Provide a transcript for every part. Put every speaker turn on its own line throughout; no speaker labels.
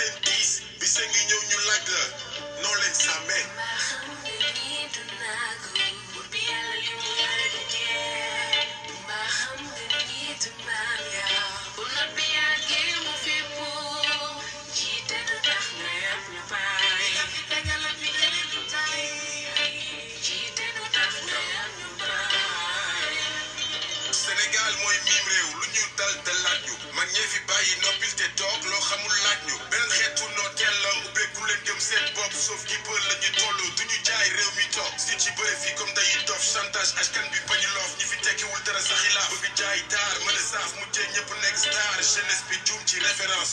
bi sa ngi ñëw ñu laaj la noo leen sàmmee dee fi bàyyi noppil loo xamul laaj ñu benn xeetu nooteel la ubbeeku seen bopp sauf ki peur la ñu toll du ñu jaay réew mi si ci bëre fi comme dayi dof chantage askan bi bañu loof ñi fi tekkiwul dara sax i laa bëgg jaay taar mën a saaf ñëpp nekk star jeunesse bi ci référence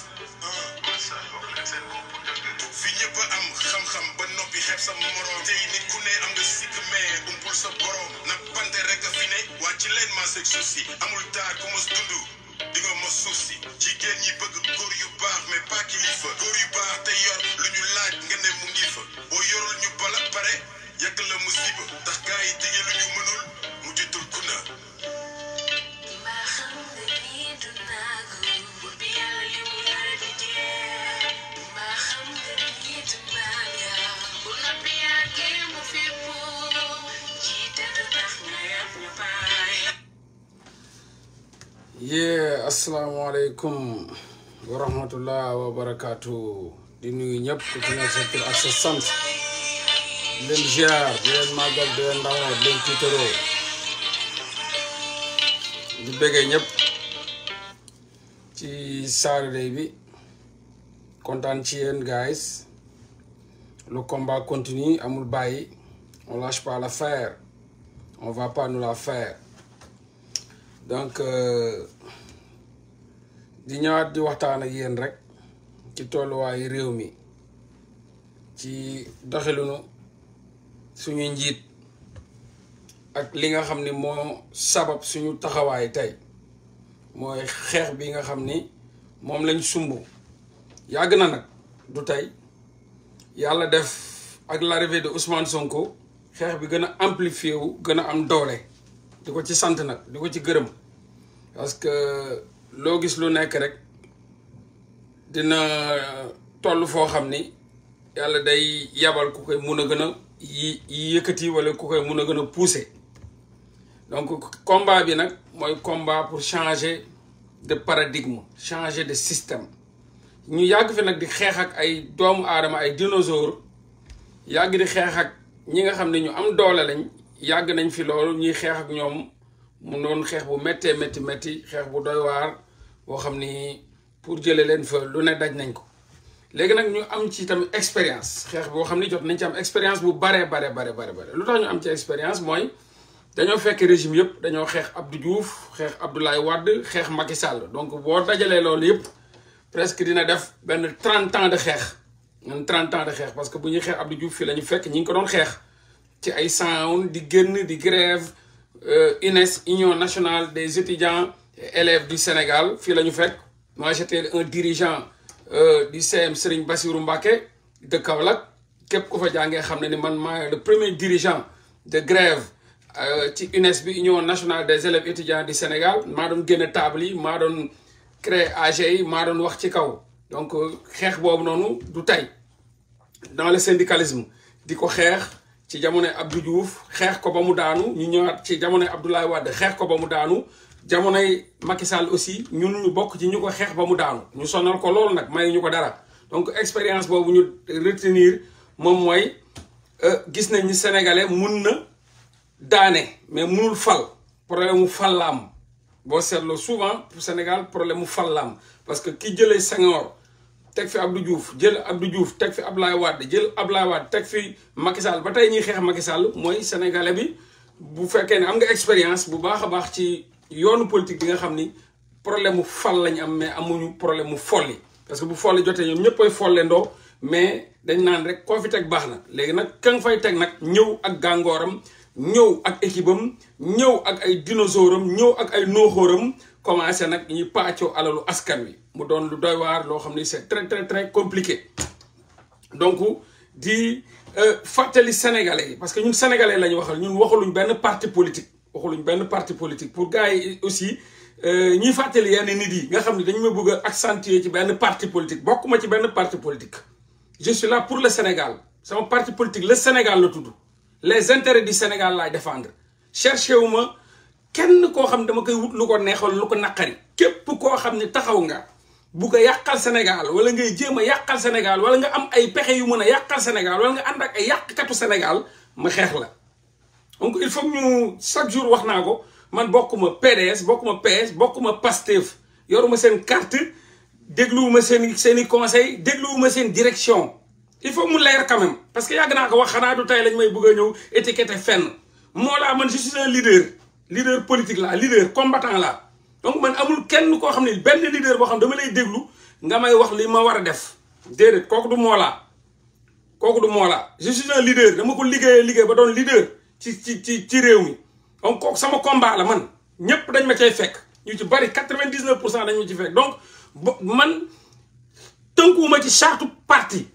fi ñëpp am xam-xam ba noppi xeeb sa moroom tey nit ku ne nga sikk mais umpul sa borom nag bante rek a fi ne waa ci leen ma seg suuf si amul taar ku mos dund di nga mos suuf si jigéen ñi bëgg góor yu baax mais pas kilifa góor yu baax te yor lu ñu laaj nga ne mu ngi fa boo yorul ñu bala pare yàgg la musiba ndax gaa yi lu ñu mënul
yee asalaamaaleykum wa rahmatullah wa barakaatu di nuyu ñëpp ku ci leen ziar di leen màggal di leen ndamoo di leen tiitaroo ci Saturday bi kontaan ci yéen guys le combat continue amul bàyyi on lâche pas l'affaire on va pas nous la faire donc. Euh, di ñëwaat di waxtaan ak yéen rek ci tolluwaayu réew mi ci doxalinu suñu njiit ak li nga xam ni moo sabab suñu taxawaay tey mooy xeex bi nga xam ni moom lañ sumb yàgg na nag du tey yàlla def ak l'arrivée de Ousmane Sonko xeex bi gën a amplifié wu gën a am doole di ko ci sant nag di ko ci gërëm parce loo gis lu nekk rek dina toll foo xam ni yàlla day yabal ku koy mun a gën a yi yëkkati wala ku koy mun a gën a pousser donc combat bi nag mooy combat pour changer de paradigme changer de système ñu yàgg fi nag di xeex ak ay doomu aadama ay dinosaures yàgg di xeex ak ñi nga xam ne ñu am doole lañ yàgg nañ fi loolu ñuy xeex ak ñoom mu noonu xeex bu méttee métti métti xeex bu doy waar boo xam ni pour jëlee leen fa lu ne daj nañ ko léegi nag ñu am ci itam expérience xeex boo xam ni jot nañ ci am expérience bu baree bare bare bare bare lu tax ñu am ci expérience mooy dañoo fekk régime yëpp dañoo xeex Abdou juuf xeex Abdoulaye Wade xeex Macky sàll donc boo dajalee loolu yëpp presque dina def benn trente ans de xeex ñun trente ans xeex parce que bu ñuy xeex Abdou Diouf fii la ñu fekk ñi ngi ko doon xeex ci ay sound di génn di grève UNES euh, Union nationale des étudiants et élèves du Sénégal fii moi j'étais un dirigeant euh, du CM Sering Bassirou de Kaolack képp ku fa le premier dirigeant de grève de euh, l'UNES, Union nationale des élèves étudiants du Sénégal Je suis génne table yi je suis créé AG yi wax donc je suis noonu du dans le syndicalisme ci jamono Abdou Diouf xex ko bamou daanu ñu ñëwaat ci jamono Abdoulaye wad xex ko bamou daanu jamonoy Macky Sall aussi ñun ñu bok ci ñuko xex bamou daanu ñu sonal ko lool nak may ñuko dara donc expérience bobu ñu retenir moy euh gis nañ ni sénégalais mën na daané mais mënul fal problème mu fal la am souvent pour Sénégal problème fal parce que ki jëlé Senghor teg fi Abdou Diouf jël ab Abdou juuf teg fi Ablaye Wade jël Ablaye Wade teg fi Macky ba tey ñuy xeex Macky Sall mooy sénégalais bi bu fekkee ne am nga expérience bu baax a baax ci yoonu politique bi nga xam ni problème mu fal lañu am mais amuñu problème mu folli parce que bu folli jotee ñoom ñëpp ay folle ndoo mais dañ naan rek koo fi teg baax na léegi nag ka nga fay teg nag ñëw ak gàngooram ñëw ak équipe am ñëw ak ay dinosaures am ñëw ak ay nooxooram commencé nag ñuy paccoo alalu askan wi. mu doon lu doy waar loo xam c'est très très très compliqué donc di euh, fàttali sénégalais yi parce que ñun sénégalais lañu waxal ñun waxaluñ benn parti politique waxaluñ benn parti politique pour gars yi aussi euh, ñuy fàttali yenn nit yi nga xam ne dañu ma bëgg a accentuer ci benn parti politique bokkuma ci benn parti politique. je suis là pour le Sénégal sama parti politique le Sénégal la tudd les intérêts du Sénégal laay défendre cherché wu ma kenn koo xam dama koy wut lu ko neexal lu ko naqari képp koo xam ne taxaw nga. bugg a yàqal Sénégal wala ngay jéem a yàqal Sénégal wala nga am ay pexe yu mën a yàqal Sénégal wala nga ànd ak ay yàqkatu Sénégal ma xeex la donc il faut ñu chaque jour wax naa ko man bokkuma PDS bokkuma PS bokkuma PASTEF yoruma seen carte dégluwuma seen seen i conseil dégluwuma seen direction il faut mu leer quand même que yàgg naa ko wax xanaa du tey lañ may bëgg a ñëw étiqueté fenn moo laa man je suis leader leader politique la leader combattant la donc man amul kenn ko xamni ne benn leader bo xam dama lay deglu nga may wax li ma wara def dedet koku du mola koku du mola je suis un leader dama ko liggéeyee liggéey ba don leader ci ci ci ci rew mi donc kok sama combat la man ñepp dañ ma cey fekk ñu ci bari 99% dañ ma ci fekk donc man ma ci charte parti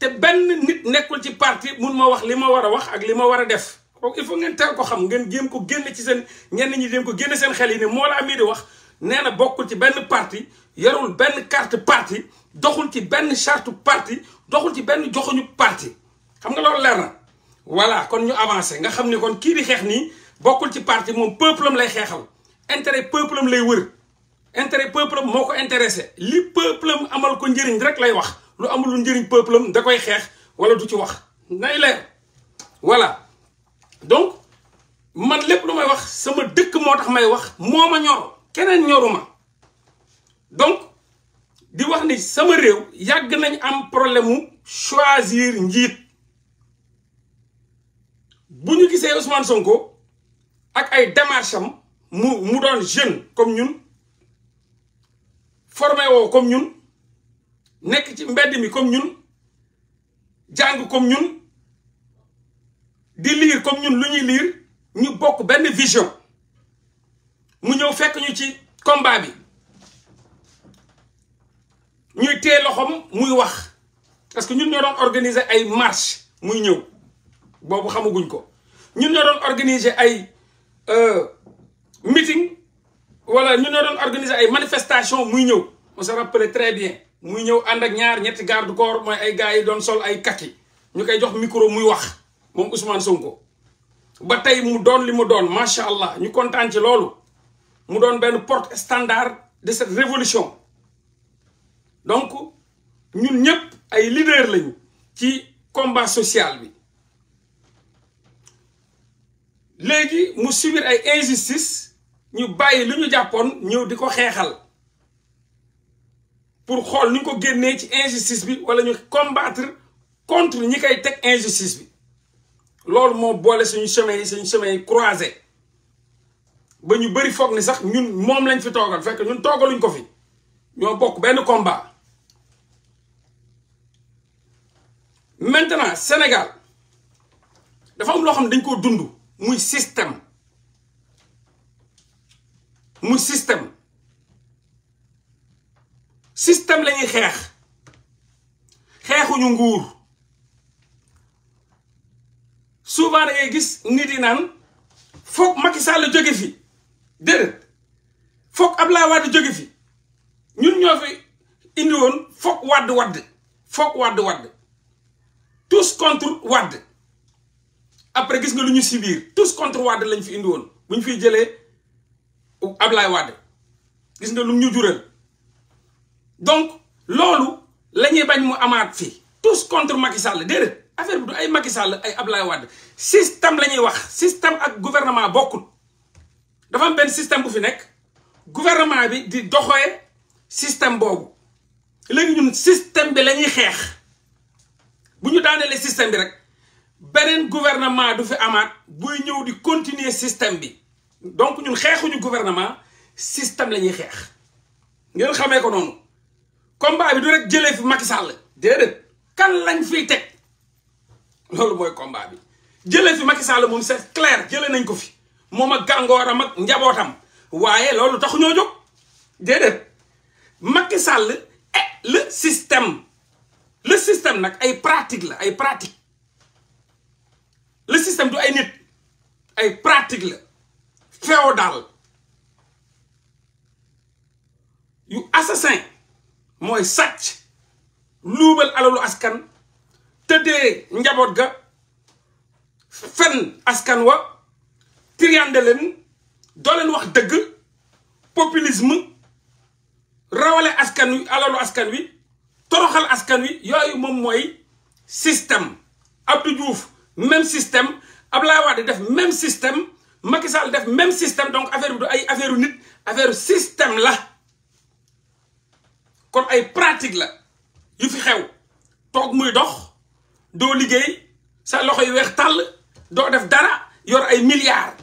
te benn nit nekkul ci parti mun ma wax li ma wara wax ak li ma wara def kooku il faut ngeen teel ko xam ngeen jéem ko génne ci seen ñenn ñi jéem ko génne seen xel yi ne moo laa mii di wax nee na bokkul ci benn parti yorul benn carte parti doxul ci benn charte parti doxul ci benn joxuñu parti xam nga loolu leer na voilà kon ñu avancé nga xam ni kon kii di xeex nii bokkul ci parti moom peuple am lay xeexal intérêt peuple am lay wër intérêt peuple moo ko intéressé li peuple am amal ko njëriñ rek lay wax lu amul lu njëriñ peuple am da koy xeex wala du ci wax nay leer voilà donc man lépp lu may wax sama dëkk moo tax may wax moo ma ñor keneen ñoruma donc di wax ni sama réew yàgg nañ am problème mu choisir njiit bu ñu gisee Ousmane Sonko ak ay démarche am mu mu doon jeune comme ñun formé woo comme ñun nekk ci mbedd mi comme ñun jàng comme ñun di lire comme ñun lu ñuy lire ñu bokk benn vision mu ñëw fekk ñu ci combat bi ñuy téye loxom muy wax parce que ñun ñoo doon organiser ay marche muy ñëw boobu xamaguñ ko ñun ñoo doon organiser ay euh, meeting wala ñun ñoo doon organiser ay manifestation muy ñëw on se rappelle très bien muy ñëw ànd ak ñaar ñetti garde corps mooy ay gars yi doon sol ay kaki ñu koy jox micro muy wax moom Ousmane Sonko ba tey mu doon li mu doon macha allah ñu kontaan loolu mu doon benn porte standard de cette révolution donc ñun ñëpp ay leader lañu ci combat social bi léegi mu subir ay injustice ñu bàyyi lu ñu jàppoon ñëw di ko xeexal pour xool ni ñu ko génnee ci injustice bi wala ñu combattre contre ñi koy teg injustice bi loolu moo boole suñu semaine yi suñu chemin yi croisé ba ñu bëri foog ni sax ñun moom lañ fi toogal fekk ñun toogaluñ ko fi ñoo bokk benn combat maintenant Sénégal dafa am loo xam ne dañ koo dund muy système muy système système la xeex xeexuñu nguur souvent da ngay gis nit yi naan foog Macky Sall jóge fi déedéet foog Abdoulaye Wade jóge fi ñun ñoo fi indi woon foog wàdd wadd foog wàdd wadd tous contre wàdd après gis nga lu ñu si biir tous contre wadd lañ fi indi woon bu ñu fiy jëlee Abdoulaye Wade gis nga lu ñu jural donc loolu la bañ mu amaat fi tous contre Macky Sall affaire ay Macky ay Ablaye système lañuy wax système ak gouvernement bokul dafa am système bu gouvernement bi di système Le système bi lañuy xex bu système bi rek gouvernement du fi amaat buy di continuer système bi donc ñun gouvernement système lañuy xex ngeen ko combat bi du rek jëlé fi Macky Sall kan loolu mooy combat bi jëlee fi Macky Sall moom c'est clair jëlee nañ ko fi moom ak gàngooram ak njabootam waaye loolu taxu ñoo jóg déedéet Macky Sall et le système le système nag ay pratique la ay pratique le système du ay nit ay pratique la féodal yu assassin mooy sàcc luubal alalu askan tëddee njabot ga fen askan wa Degue, dolen wax populisme rawale askan wi alalu askan wi toroxal askan wi système Abdou Diouf même système Abla def même système Macky même système donc affaire Averunit, du ay affaire nit système la comme ay pratique la yu fi xew tok dox doo liggéey sa loxo yu weex tàll doo def dara yor ay milliards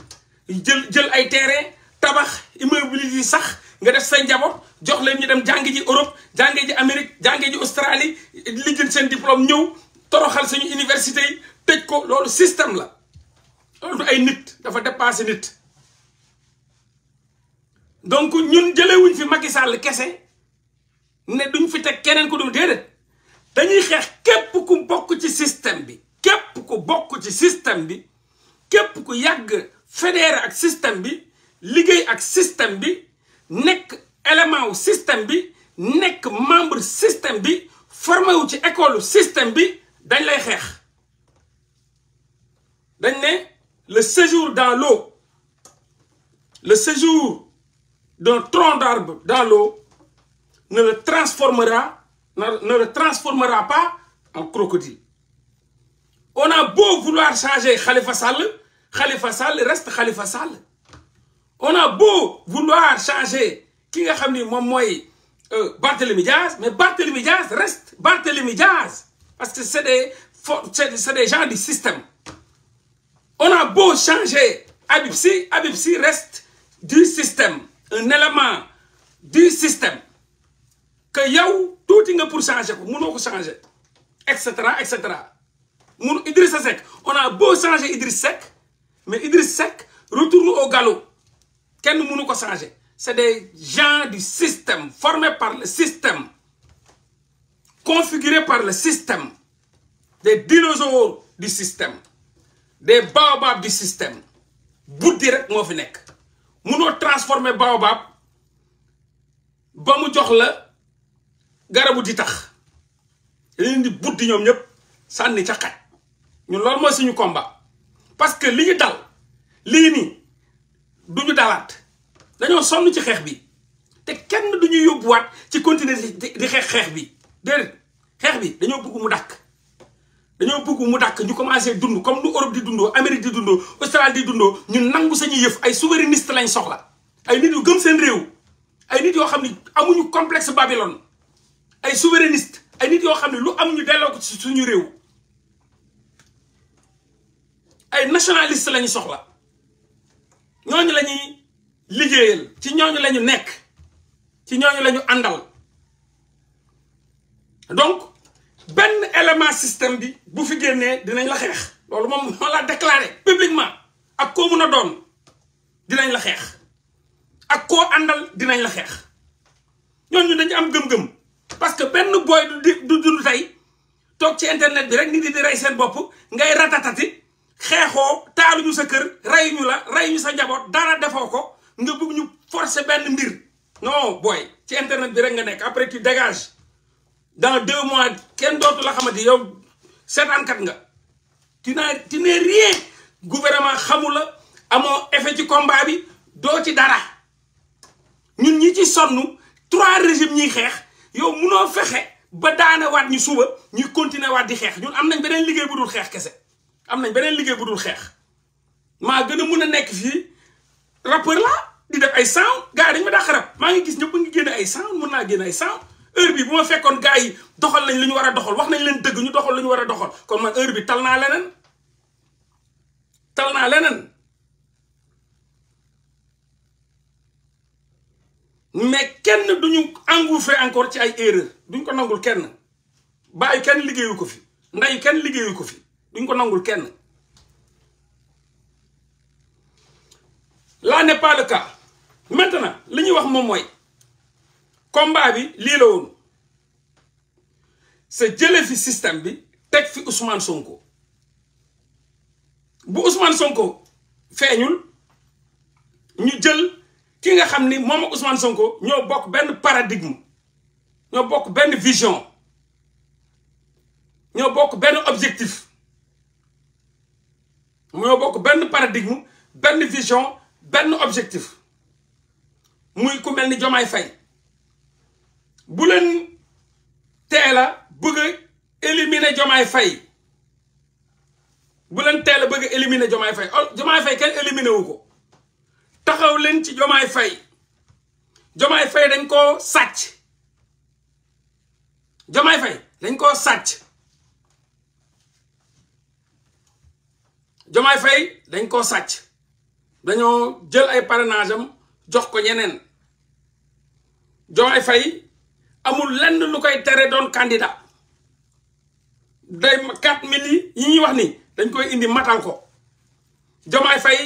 jël jël ay tere tabax immeuble yi sax nga def sa njaboot jox leen ñu dem jàngi ji Europe jàngi ji Amérique jàngi ji Australie lijjël seen diplôme ñëw toroxal suñu université yi tëj ko loolu système la loolu ay nit dafa dépassé nit donc ñun jëlewuñ fi Macky Sall kese ne duñ fi teg keneen ku dul déedéet dañuy xeex képp ku bokk ci système bi képp ku bokk ci système bi képp ku yàgg fédéré ak système bi liggéey ak système bi nekk élément système bi nekk membre système bi formé wu ci école système bi dañ lay xeex dañ ne le séjour dans l'eau le séjour d'un tronc d'arbre dans l'eau ne le transformera ne le transformera pas en crocodile. On a beau vouloir changer Khalifa Sall, Khalifa Sall reste Khalifa Sall. On a beau vouloir changer ki nga euh, Diaz mais Barthélémy Diaz reste Barthélémy Diaz parce que c'est des des gens du système. On a beau changer Habib Sy, reste du système un élément du système que yow tout est pour changer ko pour changer etc. etc. Idriss on a beau changer Idriss Sec, mais Idriss Sec, retourne au galop kenn nous ko changer c'est des gens du système formés par le système configurés par le système des dinosaures du système des baobabs du système Bout direct moo fi nekk transformer baobab ba garabu di tax leen di buddi ñoom ñëpp sànni ca xaj ñun loolu mooy suñu combat parce que li ñu dal lii nii du dalaat dañoo sonn ci xeex bi te kenn du ñu yóbbuwaat ci continuer di xeex xeex bi déedéet xeex bi dañoo bugg mu dàkk dañoo bugg mu dàkk ñu commencé dund comme lu Europe di dundoo Amérique di dundoo Australie di dundoo ñun nangu sañuy yëf ay souverainiste lañ soxla ay nit yu gëm seen réew ay nit yoo xam ni amuñu complexe Babylone ay souverainiste ay nit yoo xam ne lu am ñu delloo ko ci suñu réew ay nationaliste lañu soxla ñooñu la ñuy liggéeyal ci ñooñu lañu nekk ci ñooñu lañu àndal donc benn élément système bi bu fi génnee dinañ la xeex loolu moom moo la déclaré publiquement ak koo mun a doon dinañ la xeex ak koo àndal dinañ la xeex ñooñu dañu am gëm-gëm parce que nous boy du du du tay tok ci internet bi rek nit di ratatati la sa dara nga forcer mbir non boy, ci internet bi nga après tu dégages dans deux mois ken dootu la yow nga tu n'as tu n'es rien gouvernement xamu amo effet ci combat bi do ci dara ñun ñi ci trois régimes yow munoo fexe ba daanewaat ñi suba ñuy continuer waat di xeex ñun am nañ beneen liggéey bu dul xeex kese am nañ beneen liggéey bu dul xeex maa gën a mun a nekk fii rappeur la di def ay sound gars yi dañ daa xarab maa ngi gis ñëpp ngi génn ay sound mun naa génn ay sound heure bi bu ma fekkoon gars yi doxal nañ li ñu war a doxal wax nañ leen dëgg ñu doxal lañu war a doxal kon man heure bi tal naa leneen tal naa leneen mais kenn duñu engouffré encore ci ay erreur duñ ko nangul kenn baay kenn liggéeyu ko fi nday kenn liggéeyu ko fi duñ ko nangul kenn là n'est pas le li ñuy wax moom mooy combat bi lii la woon c'est jële fi système bi teg fi Ousmane Sonko bu Ousmane Sonko feeñul ñu jël ki nga xamni ni Ousmane Sonko ño bokk ben paradigme ño bokk ben vision ño bokk ben objectif ño bokk ben paradigme ben vision ben objectif muy ku melni Jomay Fay bu len téla bëgg éliminer Jomay Fay bu len téla bëgg éliminer Jomay Fay Jomay oh, Fay kenn éliminer wu taxaw leen ci jomaay fay jomaay fay dañ koo sàcc jomaay fay dañ koo sàcc jomaay fay dañ koo sàcc dañoo jël ay parrainage am jox ko ñeneen jomaay fay amul lenn lu koy tere doon candidat day quatre mille yi ñuy wax ni dañ koy indi matal ko jomaay fay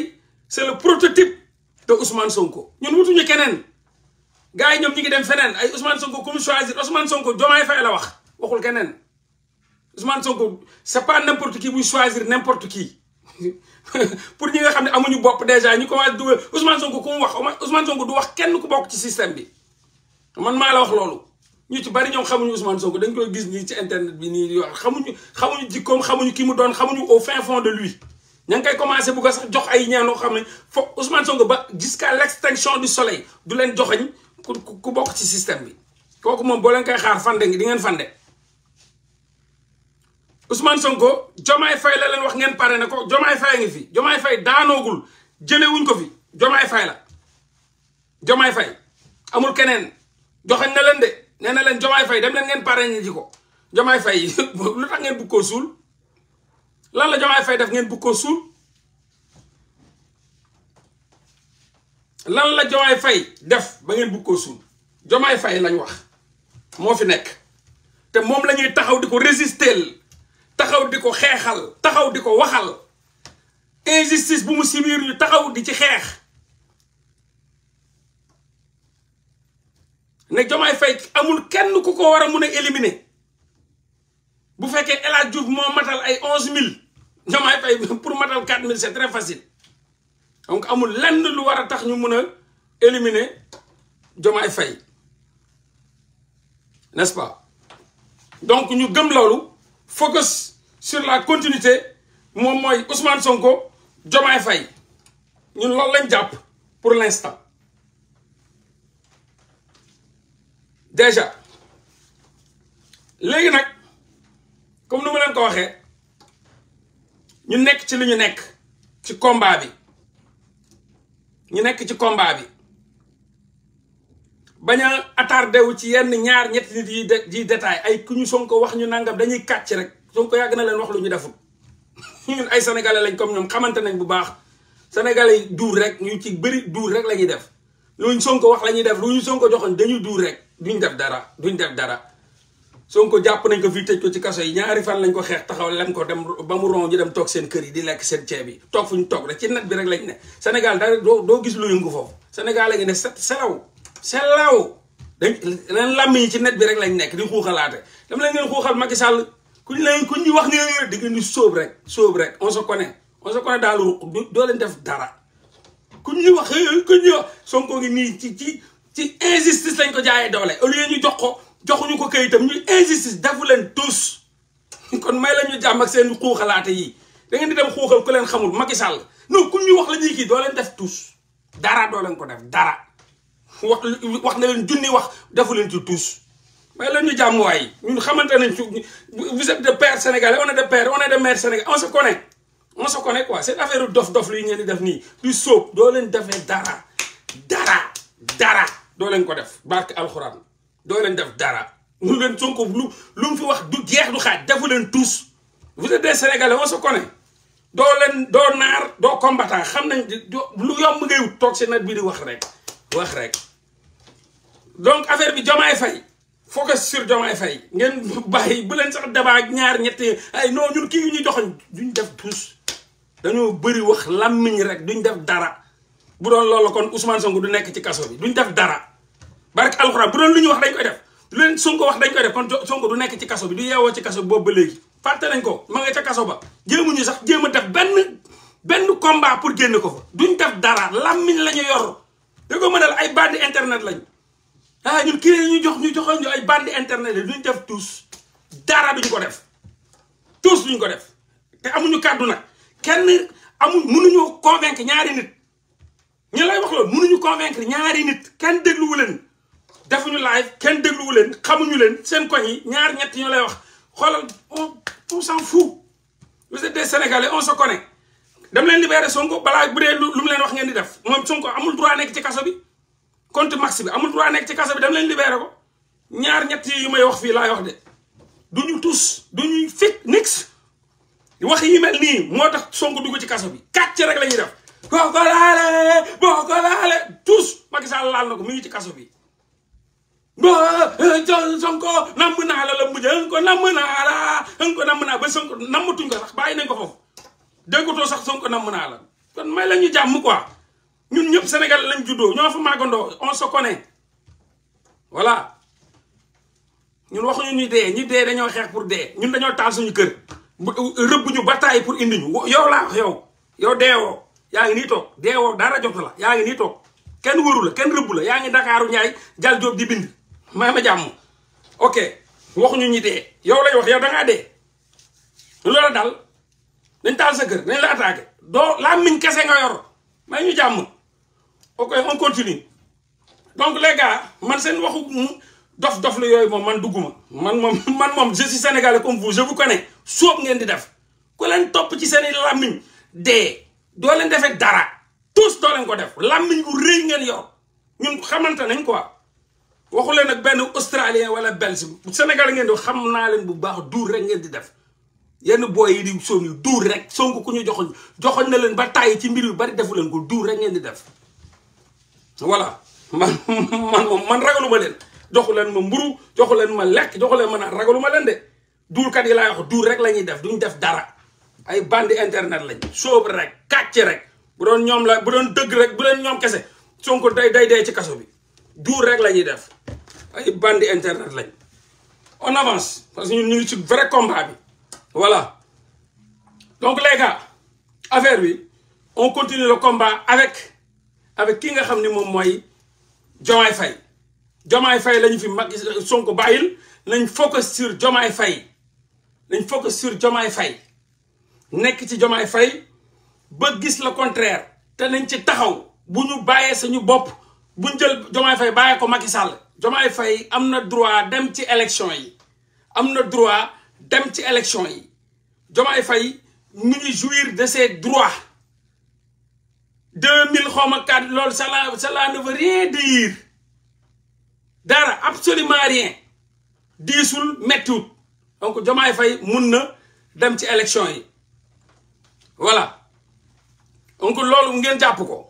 c'est le prototype de Ousmane Sonko nous wutuñu tous gars nous, nous ñu ngi dem feneen Ousmane Sonko comme choisir Ousmane Sonko je ne la wax Ousmane Sonko n'est pas n'importe qui vous choisir n'importe qui pour ñi nga nous ne amuñu pas déjà Nous commencé Ousmane Sonko nous. wax Ousmane Sonko du wax kenn ku bokk ci système bi man de wax loolu ñu ci bari ñoom xamuñu Ousmane Sonko Nous Nous avons nii ci internet bi savons xamuñu xamuñu jikkoom xamuñu ki mu doon xamuñu au fin fond de lui ña ngi koy commencé bugg a sax jox ay ñaanoo xam ne fo son Sonko ba jusqu'à l'extinction du soleil du leen joxañ ku ku bokk ci système bi kooku moom boo leen koy xaar fande di ngeen fande son ko Jomaay Fay la leen wax ngeen pare na ko Jomaay Fay ngi fi Jomaay Fay daanoogul jëlewuñ ko fi Jomaay Fay la Jomaay Fay amul keneen joxañ na leen de nee na leen Jomaay Fay dem leen ngeen pare na ji ko Jomaay Fay lu tax ngeen bugg koo suul lan la Diomaye Faye def ngeen bëgg ko suul lan la Diomaye fay def ba ngeen bëgg ko suul Diomaye fay lañ wax moo fi nekk te moom la ñuy taxaw di ko résister taxaw di ko xeexal taxaw di ko waxal injustice bu mu subir ñu taxaw di ci xeex ne Diomaye Faye amul kenn ku ko war a mun a bu fekkee El Hadj Diouf moo matal ay onze mille Diomaye Faye pour matal 4000 c'est très facile donc amul lenn lu war a tax ñu mun éliminer. éliminer Diomaye Faye n'est-ce pas donc ñu gëm loolu focus sur la continuité moom mooy Ousmane Sonko Diomaye Faye ñun nous lañ jàpp pour l'instant déjà maintenant, comme nous l'avons leen ko ñu nekk ci lu ñu nekk ci combat bi ñu nekk ci combat bi bañ a attardé wu ci yenn ñaar ñetti nit yi di détail ay ku ñu Sonko wax ñu nangam dañuy kàcc rek Sonko yàgg na leen wax lu ñu deful ñun ay sénégalais lañ comme ñoom xamante nañ bu baax sénégalais yi duur rek ñu ci bëri duur rek la ñuy def lu ñu Sonko wax lañuy def lu ñu Sonko joxoon dañuy duur rek duñ def dara duñ def dara. Sonko jàpp nañ ko fii tëj ko ci kaso yi ñaari fan lañ ko xeex taxaw lem ko dem ba mu ron ñu dem toog seen kër yi di lekk seen ceeb yi toog fu ñu toog rek ci net bi rek lañ ne Sénégal dara doo doo gis lu yëngu foofu Sénégal la ngi ne selaw selaw dañ leen làmm yi ci net bi rek lañ nekk di xuuxalaate dam la ngeen xuuxal Macky Sall kuñ leen kuñ ñu wax ne di ngeen di sóob rek sóob rek on se connaît on se ne daal doo leen def dara ku ñu wax kuñ ñu wax Sonko ngi nii ci ci ci injustice lañ ko jaayee doole au lieu ñu jox ko joxuñu ko këyitam ñu injustice defu leen tous kon may la ñu jàmm ak seen xuuxalaate yi da ngeen di dem xuuxal ku leen xamul Macky Sall non ku ñu wax la ñuy kii doo leen def tous dara doo leen ko def dara wax wax na leen junni wax defu leen ci tous may la ñu jàmm waay ñun xamante nañ su vous êtes de père sénégalais on est de père on est de mère sénégalais on se connaît on se connaît quoi cette affaire dof-dof lu ngeen di def nii du sóob doo leen defee dara dara dara doo leen ko def barke alxuraan. doo leen def dara lu leen Sonko lu lu mu fi wax du jeex du xaaj defu leen tous vous êtes des sénégalais on se connaît doo leen doo naar doo combattant xam nañ lu yomb ngay wut toog si nag bi di wax rek wax rek donc affaire bi Diomaye Faye focus sur Diomaye Faye ngeen bàyyi bu leen sax débat ak ñaar ñetti ay non ñun kii yu ñu joxoñ duñ def tous dañoo bëri wax làmmiñ rek duñ def dara bu doon loolu kon Ousmane Sonko du nekk ci kaso bi duñ def dara barke alquran bu do luñu wax dañ koy def lu Sonko wax dañ koy def kon Sonko du nek ci kasso bi du yewo ci kasso bobu legi faté nañ ko ma nga ci kasso ba jéemuñu sax jëmu def ben ben combat pour genn ko fa duñ def dara lamine lañu yor da ko mënal ay bandi internet lañ ah ñun kii ñu jox ñu joxoon ñu ay bandi internet duñ def tous dara duñ ko def tous duñ ko def té amuñu kàddu nak kenn amuñ mënuñu convaincre ñaari nit ñi lay wax loolu mënuñu convaincre ñaari nit kenn dégluwu leen defuñu live kenn dégluwu leen xamuñu leen seen koñ yi ñaar ñett ñu lay wax xoolal on on s'en fout vous êtes des sénégalais on se connaît dem leen libéré Sonko balaa bu dee lu mu leen wax ngeen di def moom Sonko amul droit nekk ci kaso bi compte max bi amul droit nekk ci kaso bi dem leen libéré ko ñaar ñett yi may wax fii laay wax de duñu tus duñu fekk nix wax yi mel nii moo tax Sonko dugg ci kaso bi kàcc rek la ñuy def boo ko laale boo ko laale tous laal na mu ci kaso bi sonko namm naa la la mujj ko namm naa la ko namm naa ba sonko nammatuñ ko sax bàyyi nañ ko foofu déggutoo sax sonko namm naa la kon may la ñu jàmm quoi ñun ñëpp Sénégal lañ juddoo ñoo fa màggandoo on se connaît voilà ñun waxuñu ñu dee ñi dee dañoo xeex pour dee ñun dañoo taasuñu suñu kër euh, rëbb ñu bataille pour indi ñu yow laa wax yow yow deewoo yaa ngi nii toog deewoo dara jot la yaa ngi nii toog kenn wëru la kenn rëbb la yaa ngi Dakaaru Njaay jal joob bind may ma jàmm ok waxuñu ñi dee yow lay wax yow da ngaa dee loola daal dañ taal sa kër dañ la attaqué doo laa miñ kese nga yor may ñu jàmm ok on continue donc les man seen waxu dof dof la yooyu moom man dugg dugguma man moom man moom je suis sénégalais comme vous je vous connais ngeen di def ku leen topp ci seen i làmmiñ dee doo leen defee dara tous doo leen ko def làmmiñ bu rëy ngeen yor ñun xamante nañ quoi waxu leen ak benn australien wala belge Sénégal ngeen di xam naa leen bu baax duur rek ngeen di def yenn booy yi di soom yi duur rek Sonko ku ñu joxoñ joxoñ na leen ba tàyyi ci mbir yu bari defu leen ko duur rek ngeen di def voilà man man moom man ragalu ma leen joxu leen ma mburu joxu leen ma lekk joxu leen ma naan ragalu ma leen de duurkat yi laay wax duur rek la ñuy def duñ def dara ay bandi internet lañ soob rek kàcc rek bu doon ñoom la bu doon dëgg rek bu leen ñoom kese Sonko day day dee ci kaso bi D'où rek la def ay internet là. on avance parce que vrai combat voilà donc les gars affaire lui, on continue le combat avec avec qui nga sommes John John Faye Jomai lañu fi Sonko focus sur Jomai Faye nous focus sur Diomaye Faye nekk ci Jomai Faye ba le contraire nañ ci taxaw bu ñu suñu bob. buñ jël Jomaay Fay bàyyi ko Macky Sall Jomaay Fay am na droit dem ci élection yi am na droit dem ci élection yi Jomaay Fay mu ngi jouir de ses droits deux mille xaw ma quatre loolu cela cela ne veut rien dire dara absolument rien diisul mettiwut donc Jomaay Fay mun na dem ci élection yi voilà donc loolu ngeen jàpp ko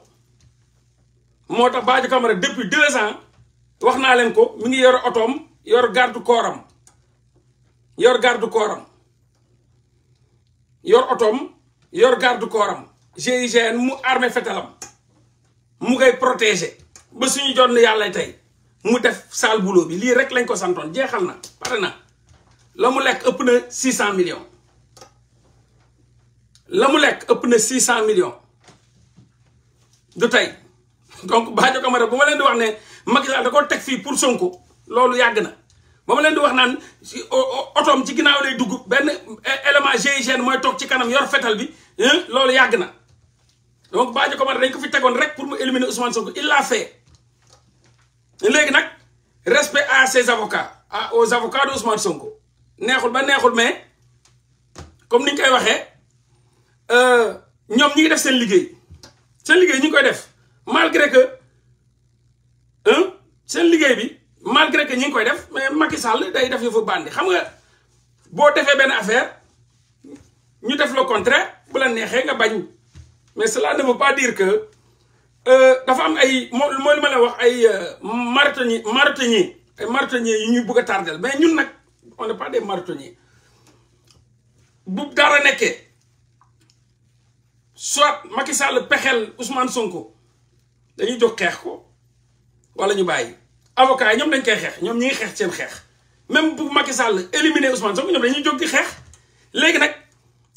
moo tax Badio Camara depuis deux ans wax naa leen ko mi ngi yor otoom yor garde corps am yor garde corps am yor otoom yor garde corps am GIGN mu armé fetalam mu koy protégé ba suñu jonn yàlla tey mu def sale boulot bi lii rek lañ ko santoon jeexal na pare na la mu lekk ëpp na six cent millions la mu lekk ëpp na six cent millions du tey donc Badio Camara bu ma leen di wax ne Macky Sall da ko teg fii pour Sonko loolu yàgg na ba ma leen di wax naan si otoom ci ginnaaw lay dugg benn eh, élément GIGN mooy toog ci kanam yor fetal bi loolu yàgg na donc Badio Camara dañ ko fi tegoon rek pour mu éliminer Ousmane Sonko illa l'a fait léegi nag respect à ses avocats à aux avocats Sonko neexul ba neexul mais comme ni koy waxee euh, ñoom ñi def seen liggéey seen liggéey ñu ngi koy def. malgré que un seen liggéey bi malgré que ñi ngi koy def mais Macky Sall day def yëfu bandi xam nga boo defee benn affaire ñu def le contraire bu la neexee nga bañ mais cela ne veut pas dire que euh, dafa am ay moo mooy li ma la wax ay marathoni euh, marathonier ay marathonier yu ñuy bëgg a tardel mais ñun nag on n'est pas des marathoniers bu dara nekkee soit Macky Sall pexeel Ousmane Sonko dañuy jox xeex ko wala ñu bàyyi avocat yi ñoom dañ koy xeex ñoom ñi ngi xeex seen xeex même bu Macky Sall éliminé Ousmane Sonko ñoom dañuy jóg di xeex léegi nag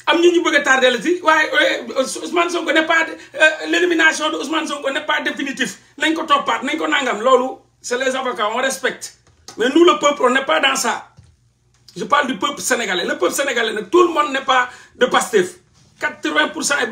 am ñu ñu bëgg a tardé la si waaye euh, Ousmane Sonko n'est pas euh, l'élimination de Ousmane Sonko n'est pas définitif nañ ko toppaat nañ ko nangam loolu c'est les avocats on respecte mais nous le peuple on n'est pas dans ça je parle du peuple sénégalais le peuple sénégalais nag tout le monde n'est pas de Pastef 80 vingt pour cent yi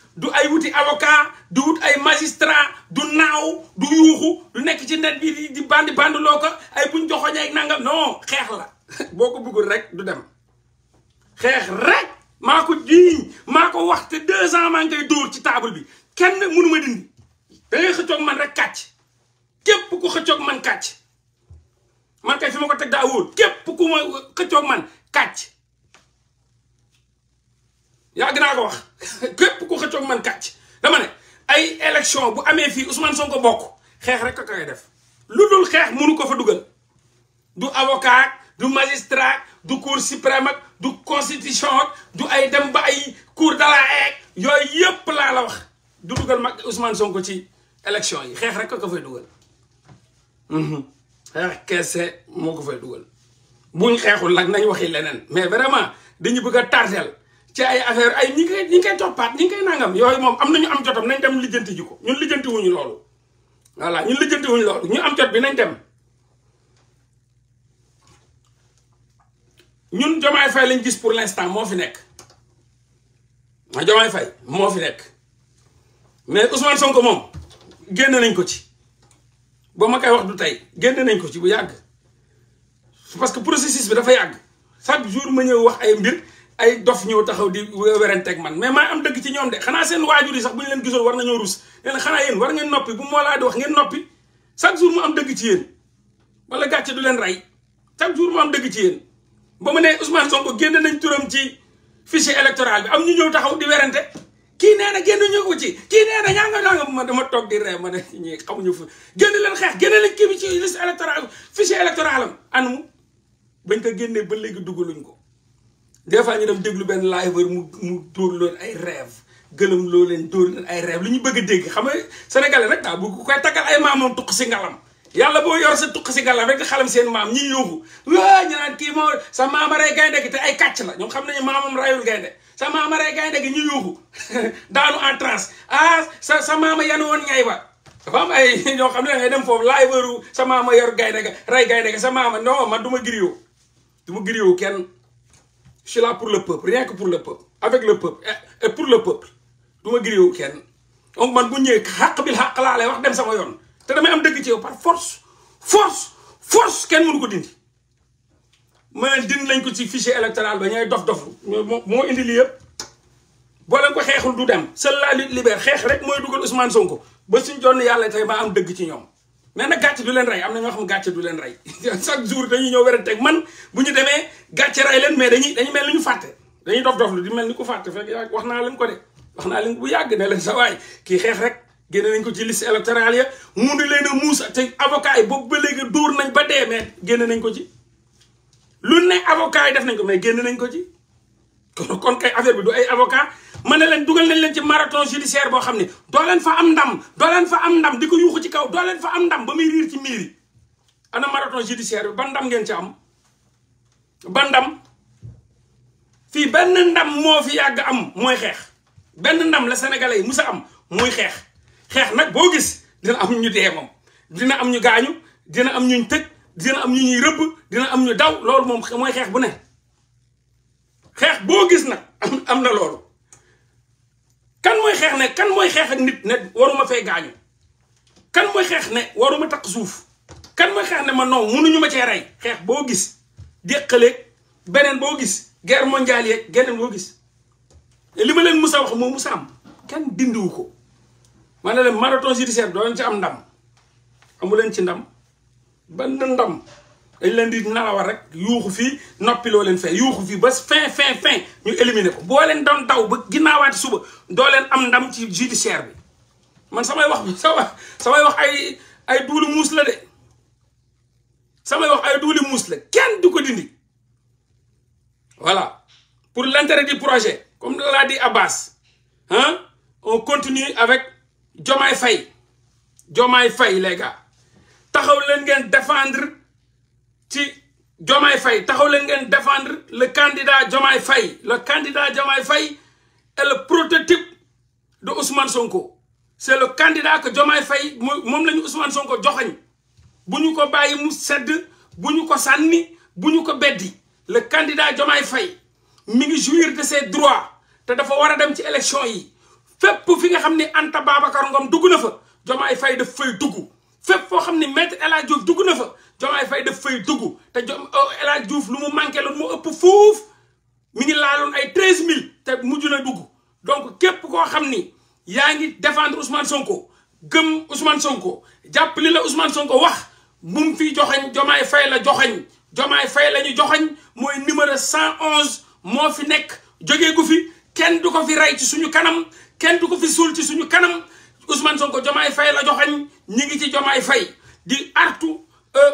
du ay wuti avocat du wut ay magistrat du naaw du yuuxu du nekk ci net bi di bandi bandi loo ko ay buñ joxoñe ak nangam non xeex la boo ko bëggul rek du dem xeex rek maa ko jiiñ maa ko wax te deux ans maa ngi koy dóor ci table bi kenn mënu ma dindi da ngay xëccoog man rek kàcc képp ku xëccoog man kàcc man kay fi ma ko teg daa wóor képp ku ma man kàcc yàgg naa ko wax képp ku xëccoog man kàcc dama ne ay élection bu amee fii Ousmane ko bokk xeex rek a koy def lu dul xeex mënu ko fa dugal du avocat du magistrat du cour suprême ak du constitution du ay dem ba ay cour dala eeg yooyu yépp laa la wax du dugal mag Ousmane ko ci élection yi xeex rek ko fay duggal mhm. xeex kese moo ko fay dugal buñ xeexul nag nañ waxi leneen mais vraiment dañu bëgg a tardeel ci ay affaire ay ñi ngi koy ñi ngi koy toppaat ñi ngi koy nangam yooyu moom am nañu am jotam nañ dem lijjanti ji ko ñun lijjanti wuñu loolu voilà ñun lijjanti wuñu loolu ñu am jot bi nañ dem ñun Jomaay Fay lañ gis pour l'instant moo fi nekk ma ah, Jomaay Fay moo fi nekk mais Ousmane Sonko moom génn nañ ko ci ba ma koy wax du tey génn nañ ko ci bu yàgg parce que processus bi dafa yàgg chaque jour ma ñëw wax ay mbir ay dof ñëw taxaw di werenteeg man mais maa am dëgg ci ñoom de xanaa seen waajur yi sax bu ñu leen gisoon war nañoo rus nee na xanaa yéen war ngeen noppi bu moo laa di wax ngeen noppi chaque jour mu am dëgg ci yéen wala gàcce du leen rey chaque jour mu am dëgg ci yéen ba mu ne Ousmane Sonko génn nañ turam ci fichier électoral bi am ñu ñëw taxaw di werante kii nee na génn ñu ko ci kii nee na ñaa nga naa nga ma dama toog di ree ma ne ñi xamuñu fu génn leen xeex génn leen kii bi ci liste électoral fichier électoral am anu ko génnee ba léegi duggaluñ ko des fois ñu dem déglu benn laay mu mu dóor loon ay rêve gëlëm loo leen dóor ay rêve lu ñu bëgg a dégg xam nga sénégalais rek daal bu koy takkal ay maamoom tuq si ngalam yàlla boo yor sa tuq si ngalam rek xalam seen maam ñi yuuxu waa ñu naan kii moo sa maama rey gaynde gi te ay kàcc la ñoom xam nañu maamam rayul gaynde sa maama rey gaynde gi ñu yuuxu daanu en transe ah sa sa maama yan woon ñay ba dafa am ay ñoo xam ne dangay dem foofu live sa maama yor gaynde ga rey gaynde gi sa maama non ma du ma griyo du ma griyo kenn je suis pour le peuple rien que pour le peuple avec le peuple et pour le peuple du ma giriwu kenn donc man bu ñëwee xàq bil xàq laa lay wax dem sama yoon te damay am dëgg ci yow par force force force kenn mënu ko dindi ma ne dindi lañ ko ci fichier électoral ba ñooy dof dof moo indi lii yëpp boo leen ko xeexul du dem seule la lutte libère xeex rek mooy dugal Ousmane ko ba suñ jonn yàlla tey maa am dëgg ci ñoom mais na gàcce du leen rey am na ñoo xam ne du leen rey chaque jour dañu ñëw wér teg man bu ñu demee gàcce rey leen mais dañuy dañu mel ni ñu fàtte dañuy dof dof lu di mel ni ku fàtte fekk wax naa leen ko de wax naa leen bu yàgg ne leen sa waay kii xeex rek génne nañ ko ci liste électorale ya mu di leen a muus te avocat yi boobu ba léegi dóor nañ ba dee mais génne nañ ko ci lu ne avocat yi def nañ ko mais génn nañ ko ci kon kon kay affaire bi du ay avocat ma ne leen dugal nañ leen ci marathon judiciaire boo xam ne doo leen fa am ndam doo leen fa am ndam di ko yuuxu ci kaw doo leen fa am ndam ba muy riir ci miir yi ana marathon judiciaire bi ban ndam ngeen ci am ba ndam fii benn ndam moo fi yàgg am mooy xeex benn ndam la sénégalais yi musa am muy xeex xeex nag boo gis dina am ñu dee moom dina am ñu gaañu dina am ñu tëj dina am ñu ñuy rëbb dina am ñu daw loolu moom mooy xeex bu ne xeex boo gis nag am na loolu kan mooy xeex ne kan mooy xeex ak nit ne waruma fay gaañu kan mooy xeex ne waruma takk suuf kan mooy xeex ne ma non munuñu ma cee rey xeex boo gis déqaleeg beneen boo gis guerre mondiale yeeg geneen boo gis li ma leen musa wax moo musa am kenn dindiwu ko ma ne leen marathon judiciaire doo leen ci am ndam amu leen ci ndam ban ndam il leen di nalawal leen Il ba fin fin fin ñu éliminer ko boo leen doon daw ba ginnaawaati suba doo leen am ndam ci judiciaire bi man samay wax Il samay wax ay ay de samay wax ay kenn dindi voilà pour l'intérêt du projet comme l'a dit Abbas hein on continue avec Faye les gars défendre ci Diomaye fay taxaw leen ngeen défendre le candidat Diomaye fay la candidat Diomaye fay est le prototype de Ousmane Sonko c'est le candidat que Diomaye Faye moom la ñu Ousmane Sonko joxañ bu ñu ko bàyyi mu sedd bu ñu ko sànni bu ñu ko beddi le candidat Diomaye fay mu ngi jouir de ses droits te dafa war a dem ci élection yi fépp fi nga xam ni Anta Babacar Ngom dugg na fa Diomaye fay daf fay dugg fépp foo xam ni maître El Hadj Diouf dugg na fa Diomaye Faye daf fay dugg te El Hadj Diouf lu mu manqué loon mu ëpp fuuf mi ngi laaloon ay treize mille te mujj na dugg donc képp koo xam ni yaa ngi défendre Ousmane Sonko gëm Ousmane Sonko jàpp la Ousmane Sonko wax mu mu fiy joxañ Diomaye Faye la joxañ Diomaye Faye la ñu joxañ mooy numéro cent onze moo fi nekk jógee gu fi kenn du ko fi rey ci suñu kanam kenn du ko fi suul ci suñu kanam Ousmane Sonko Diomaye fay la joxañ ñi ngi ci Faye euh,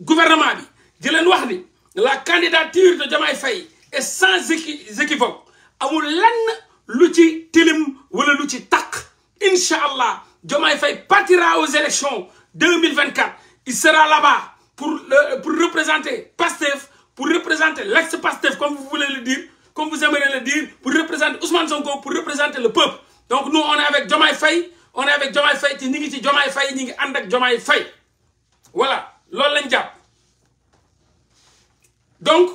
gouvernement bi di la candidature de Diomaye Faye est sans équivoque amul lenn lu ci tilim wala lu Faye partira aux élections 2024 il sera là-bas pour pour représenter PASTEF pour représenter l'ex-PASTEF comme vous voulez le dire comme vous aimeriez le dire pour représenter Ousmane Zongo, pour représenter le peuple donc nous on est avec Diomaye Faye on est avec Diomaye Faye ci ñi ngi ci Diomaye fay ñi ngi ànd ak Diomaye Faye voilà loolu lañ jàpp donc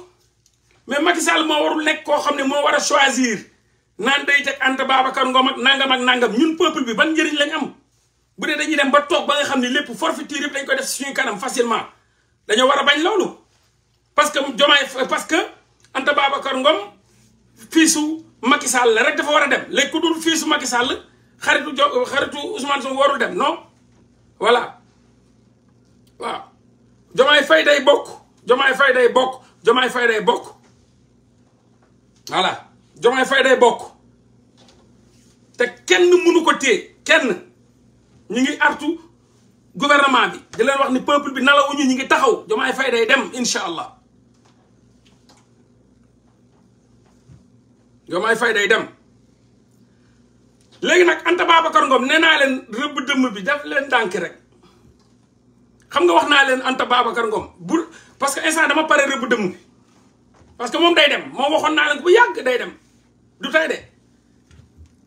mais Macky Sall moo warul lekk koo xam ne moo war a choisir naan day teg Anta Babacar Ngom ak nangam ak nangam ñun peuple bi ban njëriñ lañ am bu dee dañuy dem ba toog ba nga xam ne lépp forfaiture yëpp dañ koy def suñu kanam facilement dañoo war a bañ loolu parce que Diomaye parce que Anta Babacar Ngom fiisu Macky Sall la rek dafa war a dem léegi ko dul fiisu Macky Sall xaritu jo xaritu Ousmane warul dem non voilà waaw Diomaye bokk Diomaye Faye day bokk Diomaye Faye day bokk voilà Diomaye Faye day bokk te kenn mënu ko téye kenn ñu ngi artu gouvernement bi di leen wax ni peuple bi nalawuñu ñu ngi taxaw Diomaye Faye day dem incha allah Diomaye Faye day dem léegi nag Anta Babacar Ngom nee naa leen rëbb dëmm bi daf leen ndànk rek xam nga wax naa leen Anta Babacar Ngom parce que instant dama pare rëbb dëmm parce que moom day dem moom waxoon naa leen bu yàgg day dem du tey de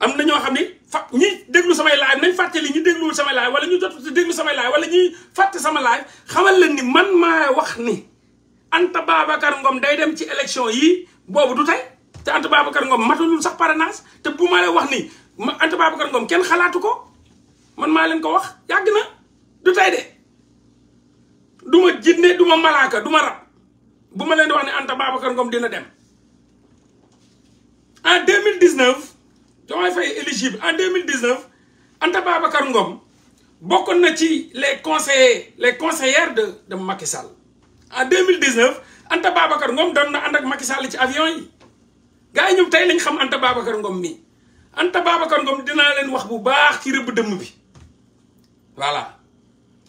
am na ñoo xam ni fa ñi déglu samay laay nañ fàttali ñi dégluwul samay laay wala ñu jot déglu samay laay wala ñuy fàtte sama laay xamal leen ni man maa wax ni Anta Babacar Ngom day dem ci élection yi boobu du tey te Anta Babacar Ngom matalul sax parrainage te bu ma la wax ni ma Anta Babacar Ngom kenn xalaatu ko man maa leen ko wax yàgg na du tey de du ma jinne du ma malaaka du ma rab bu ma leen di wax ne Anta Babacar Ngom dina dem en 2019 damay fay éligible en 2019 Anta Babacar Ngom bokkoon na ci les conseillers les conseillères de de Macky Sall en 2019 Anta Babacar Ngom doon na ànd ak Macky Sall ci avion yi gaa yi ñoom tey lañ xam Anta Babacar Ngom mii. anta babacar ngom dina len wax bu baax ci reub dëmm bi wala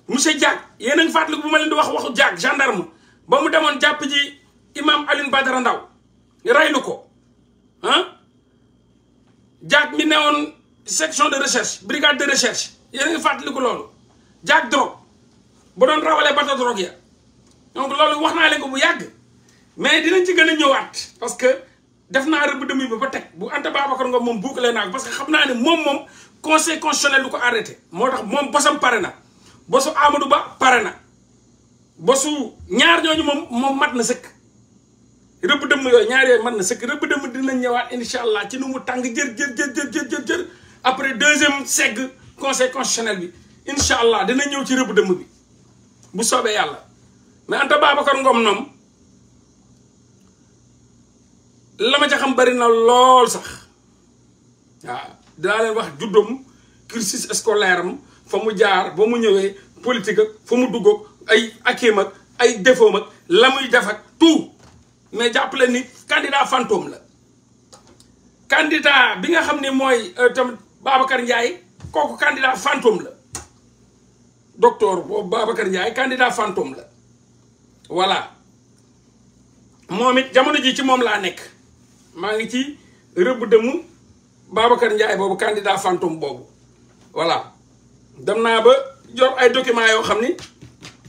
monsieur jack yéen a ngi fàttaliku bu ma leen di wax waxu jack gendarme ba mu demoon ji imam Alioune Badara Ndaw raylu ko ah Diak mi newoon section de recherche brigade de recherche yéen a ngi fàttaliku loolu jack drogue bu don rawale bata drogue ya donc loolu waxna len ko bu yag mais dinañ ci gëna ñëwaat parce que def naa rëbb demi ba ba teg bu Anta Babacar Ngom moom bouclé naa ko parce que xam naa ne moom moom conseil constitutionnel du ko arrêté moo tax moom bosam pare na bosu Amadou Ba pare na bosu ñaar ñooñu moom moom mat na sëkk rëbb dëmm yooyu ñaar yooyu mat na sëkk rëbb dëmm dinañ ñëwaat incha allah ci nu mu tàng jër jër jër jër jër jër après deuxième segg conseil constitutionnel bi incha allah dina ñëw ci rëbb dëmm bi bu soobee yàlla mais Anta Babacar Ngom Lama ma ca xam bari na lol sax wa dinaa len wax juddum crisis scolaire am famu jaar ba mu ñewé politique famu fa dugg ak ay akem ak ay défaut ak lamuy def ak tout mais jàpp leen ni candidat fantôme la candidat bi nga xam euh, tam Babacar ndjay koku candidat fantôme la docteur bo Babacar ndjay candidat fantôme la voilà momit jamono ji ci mom la nek maa ngi ci rëbb dëmu Babacar Ndiaye boobu candidat fantôme boobu voilà dem naa ba jor ay documents yoo xam ni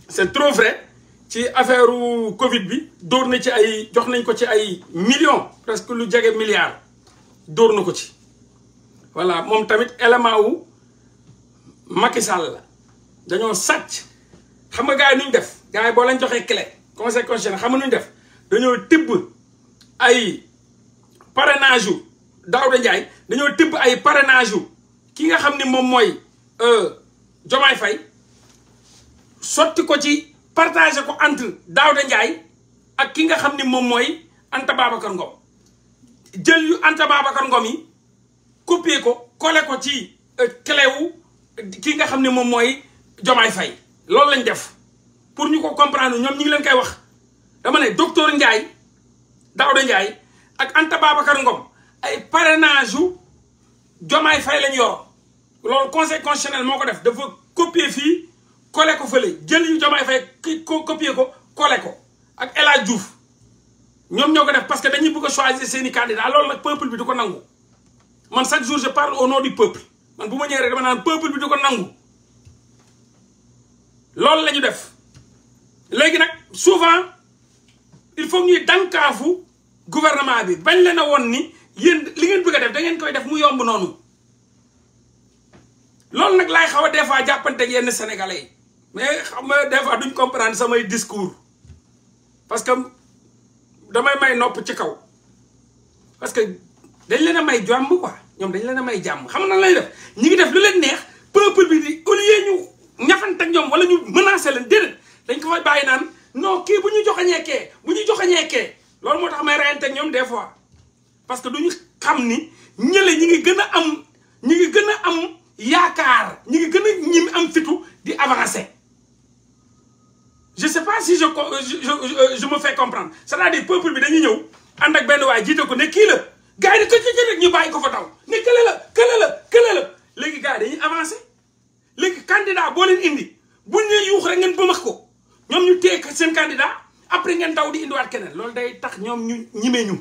c'est trop vrai ci affaire Covid bi dóor na ci ay jox nañ ko ci ay millions presque lu jege milliards dóor na ko ci voilà moom tamit élément wu Macky Sall la dañoo sàcc xam nga gars yi nuñ def gars yi boo lañ joxee clé conseil na xam nga nuñ def dañoo tibb ay parrainage daaw Daouda Ndiaye dañoo tëbb ay parrainage yu ki nga xam ne moom mooy Jomaay euh, fay sotti ko ci partagé ko entre Daouda Ndiaye ak ki nga xam ne moom mooy Anta Babacar Ngom yi copier ko ci euh, clé wu ki nga xam ne moom mooy Jomaay fay loolu lañ def pour ñu ko comprendre ñoom ñu ngi lañ koy wax dama ne docteur Ndiaye Daouda Ndiaye ak Anta Babacar Ngom ay parrainage jomay Fay lañ yor loolu conseil constitutionnel moko def dafa copier fi coller ko feulé jël yu Jomaay Fay copier ko coller ko ak El Hadj Diouf ñoom def parce que dañuy bëgg choisir seen candidat loolu nak peuple bi du nangu man chaque jour je parle au nom du peuple man buma ñëw rek dama naan peuple bi du nangu loolu lañu def légui nak souvent il faut ñuy dankafu gouvernement bi bañ leen a woon ni yéen li ngeen bëgg a def da ngeen koy def mu yomb noonu loolu nag laay xaw a des fois jàppante ak yenn sénégalais mais xam nga des fois duñ comprendre samay discours parce que damay may nopp ci kaw parce que dañ leen a may jàmm ko ñoom dañ leen a may jàmm xam na lay def ñi ngi def lu leen neex peuple bi di au lieu ñu ñafante ñoom wala ñu menacer leen déedéet dañ ko fay bàyyi naan non kii bu ñu joxañee ñekkee bu ñu joxañee kee C'est moo may des fois parce que duñu xam ni ñi ngi gën am ñi ngi am ñi ngi avancer je sais pas si je euh, euh, je me fais comprendre c'est-à-dire peuple bi dañuy ñëw il ak benn ne qu'il. la gars yi ne ko ci ci ñu ko fa ne dañuy candidat vous leen candidat après ngeen daw di indiwaat keneen loolu day tax ñoom ñu ñime ñu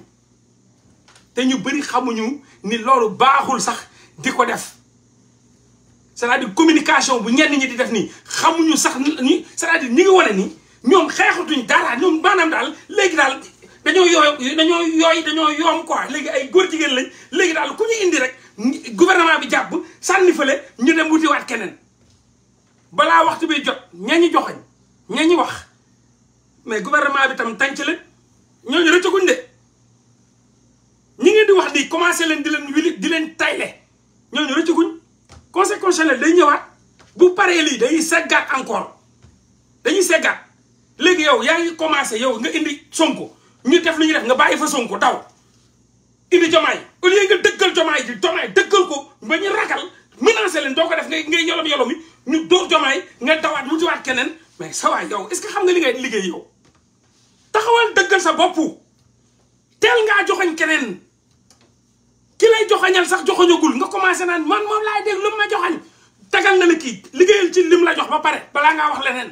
te ñu bëri xamuñu ni loolu baaxul sax di ko def c'est-à-dire communication bu ñenn ñi di def nii xamuñu sax ni sa à dire ñi ngi wane ni ñoom xeexatuñ dara ñoom maanaam daal léegi daal dañoo yooy dañoo yooy dañoo yoom quoi léegi ay góor jigéen lañ léegi daal ku ñu indi rek gouvernement bi jàpp sànni fële ñu dem wutiwaat keneen balaa waxtu bi jot ña ñu joxoñ ña ñu wax. mais gouvernement bi tam tànc leen ñooñu rëccaguñ de ñi ngeen di wax di commencé leen di leen wili di leen tayle ñooñu rëccaguñ conseil constitutionnel day ñëwaat bu paree lii dañuy seggaat encore dañuy seggaat léegi yow yaa ngi commencé yow nga indi sonko ñu def lu ñuy def nga bàyyi fa sonko daw indi jomaay au lieu nga dëggal jomaay ji jomaay dëggal ko ba ñu ragal menacé leen doo ko def ngay ngay yolom yolom yi ñu dóor jomaay nga dawaat mu jiwaat keneen mais sa waay yow est-ce que xam nga li ngay liggéey yow taxawal dëggal sa boppu teel ngaa joxañ keneen ki lay joxoñal sax joxoñagul nga commencé naan man moom laay dégg lu ma joxoñ tagal na la kii liggéeyal ci lim la jox ba pare balaa ngaa wax leneen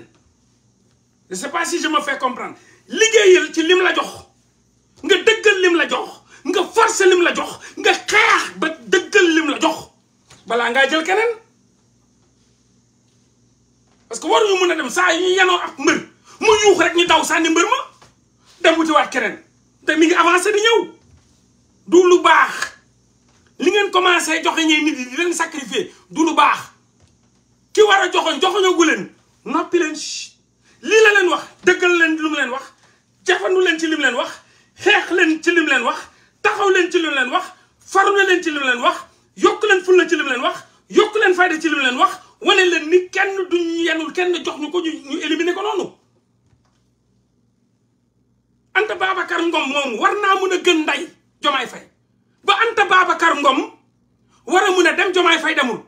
je sais pas si je me fais comprendre liggéeyal ci lim la jox nga dëggal lim la jox nga forcer lim la jox nga xeex ba dëggal lim la jox balaa ngaa jël keneen parce que war waruñu mun a dem saa yi ñu yanoo ak mbër mu yuux rek ñu daw sànni mbër ma dem wutiwaat keneen te mi ngi avancé di ñëw du lu baax li ngeen commencé joxe ñey nit yi di leen sacrifier du lu baax ki war a joxoñ joxoñagu leen noppi leen lii la leen wax dëggal leen lu mu leen wax jafandu leen ci lim leen wax xeex leen ci li leen wax taxaw leen ci li leen wax faru leen ci li leen wax yokk leen fulla ci li leen wax yokk leen fayda ci li leen wax wane leen ni kenn duñ yenul kenn jox ñu ko ñu ñu ko noonu Anta Babacar Ngom moom war naa mun a gën nday Jomaay Fay ba Anta Babacar Ngom war a mun a dem Jomaay Fay demul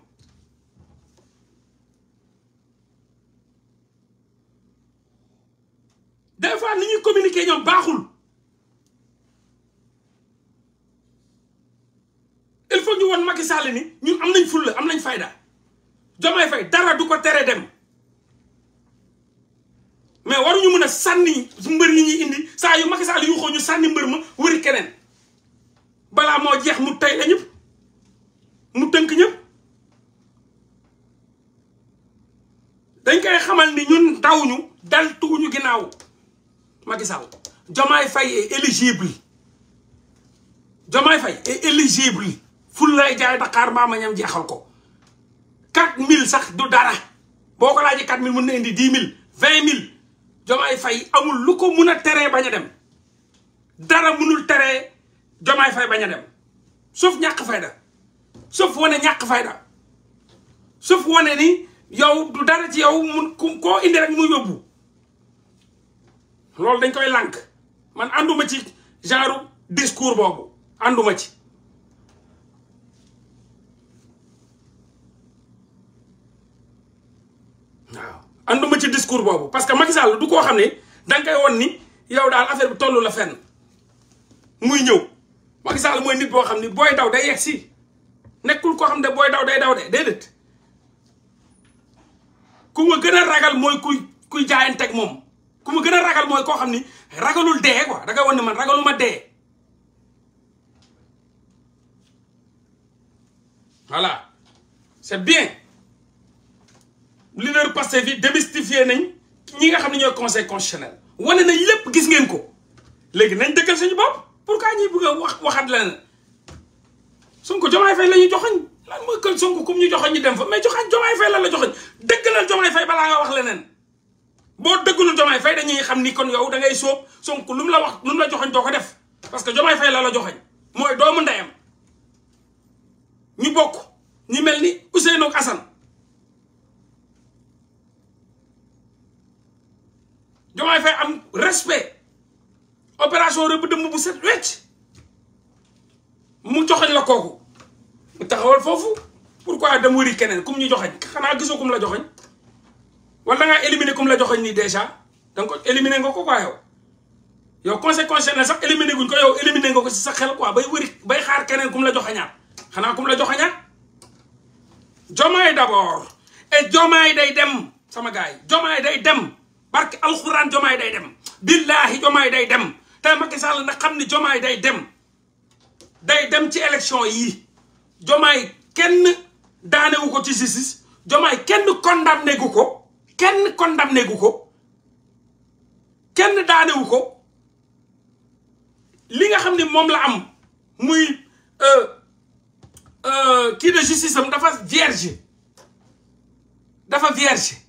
des fois ni ñuy communiquer baaxul il faut ñu won Macky Sall ni ñun am nañ fulla am nañ fayda Diomaye Faye dara du ko tere dem mais waruñu mën a sànni mbër yi ñuy indi saa yu Macky Sall yuuxoo ñu sànni mbër ma wëri keneen balaa moo jeex mu tey la ñëpp mu tënk ñëpp dañ koy xamal ni ñun dawuñu dal tuuñu ginnaaw Macky Sall Diomaye Faye est éligible Diomaye Faye est éligible ful lay jaay Dakar maa ma ñam jeexal ko 4.000 sax du dara boko laaji 4000 mën na indi 10000 20.000, jomay fay amul luko mëna téré baña dem dara mënul téré jomay fay baña dem sauf ñàkk fayda sauf wane ñàkk fayda sauf woné ni yow du dara ci yow ko ku indi rek mu yobbu loolu dañ koy lank man anduma ci genre discours bobu anduma ci ma ci discours boobu parce que Macky Sall du koo xam ne danga koy won ni yow daal affaire bi tollu la fenn muy ñëw Macky Sall mooy nit boo xam ni booy daw day yegg si nekkul koo xam ne booy daw day daw de déedéet ku ma gën a ragal mooy kuy kuy jaayanteeg moom ku ma gën a ragal mooy koo xam ni ragalul dee quoi danga won ni man ma dee voilà c'est bien li leader Pastef yi démystifié nañ ñi nga xam ne ñooy conseil constitutionnel wane nañ lépp gis ngeen ko léegi nañ dëggal suñu bopp pourquoi ñuy bëgg a wax waxaat leneen Sonko Diomaye Faye la ñuy joxoñ lan mooy kër Sonko comme ñu joxoñ ñu dem fa mais joxoñ Diomaye Faye lan la joxoñ dëggalal Diomaye Faye balaa nga wax leneen boo dëggalul Diomaye Faye dañuy xam ni kon yow da ngay sóob Sonko lu mu la wax lu mu la joxoñ doo ko def parce que Diomaye Faye la la joxoñ mooy doomu ndeyam ñu bokk ñu mel ni Ousseynou ak Assane Diomaye Faye am respect opération rëbb dëmm bu set wecc mu joxañ la kooku mu taxawal foofu pourquoi dem wëri keneen kum ñu joxañ xanaa gisoo kum la joxañ wala dangaa éliminer kum la joxañ nii déjà danga ko nga ko quoi yow yow conséquence na sax éliminer guñ ko yow éliminer nga ko ci sa xel quoi bay wëri bay xaar keneen kum la joxañaat xanaa kum la joxañaat Diomaye d'abord et Diomaye day dem sama gars yi Diomaye day dem barke alxuraan jomaay day dem billaahi jomaay day dem te Macky Sall na xam ni jomaay day dem day dem ci élection yi jomaay kenn daanewu ko ci justice jomaay kenn condamné gu ko kenn condamné gu ko kenn daanewu ko li nga xam ne moom la am muy euh, euh, kii de justice am dafa vierge dafa vierge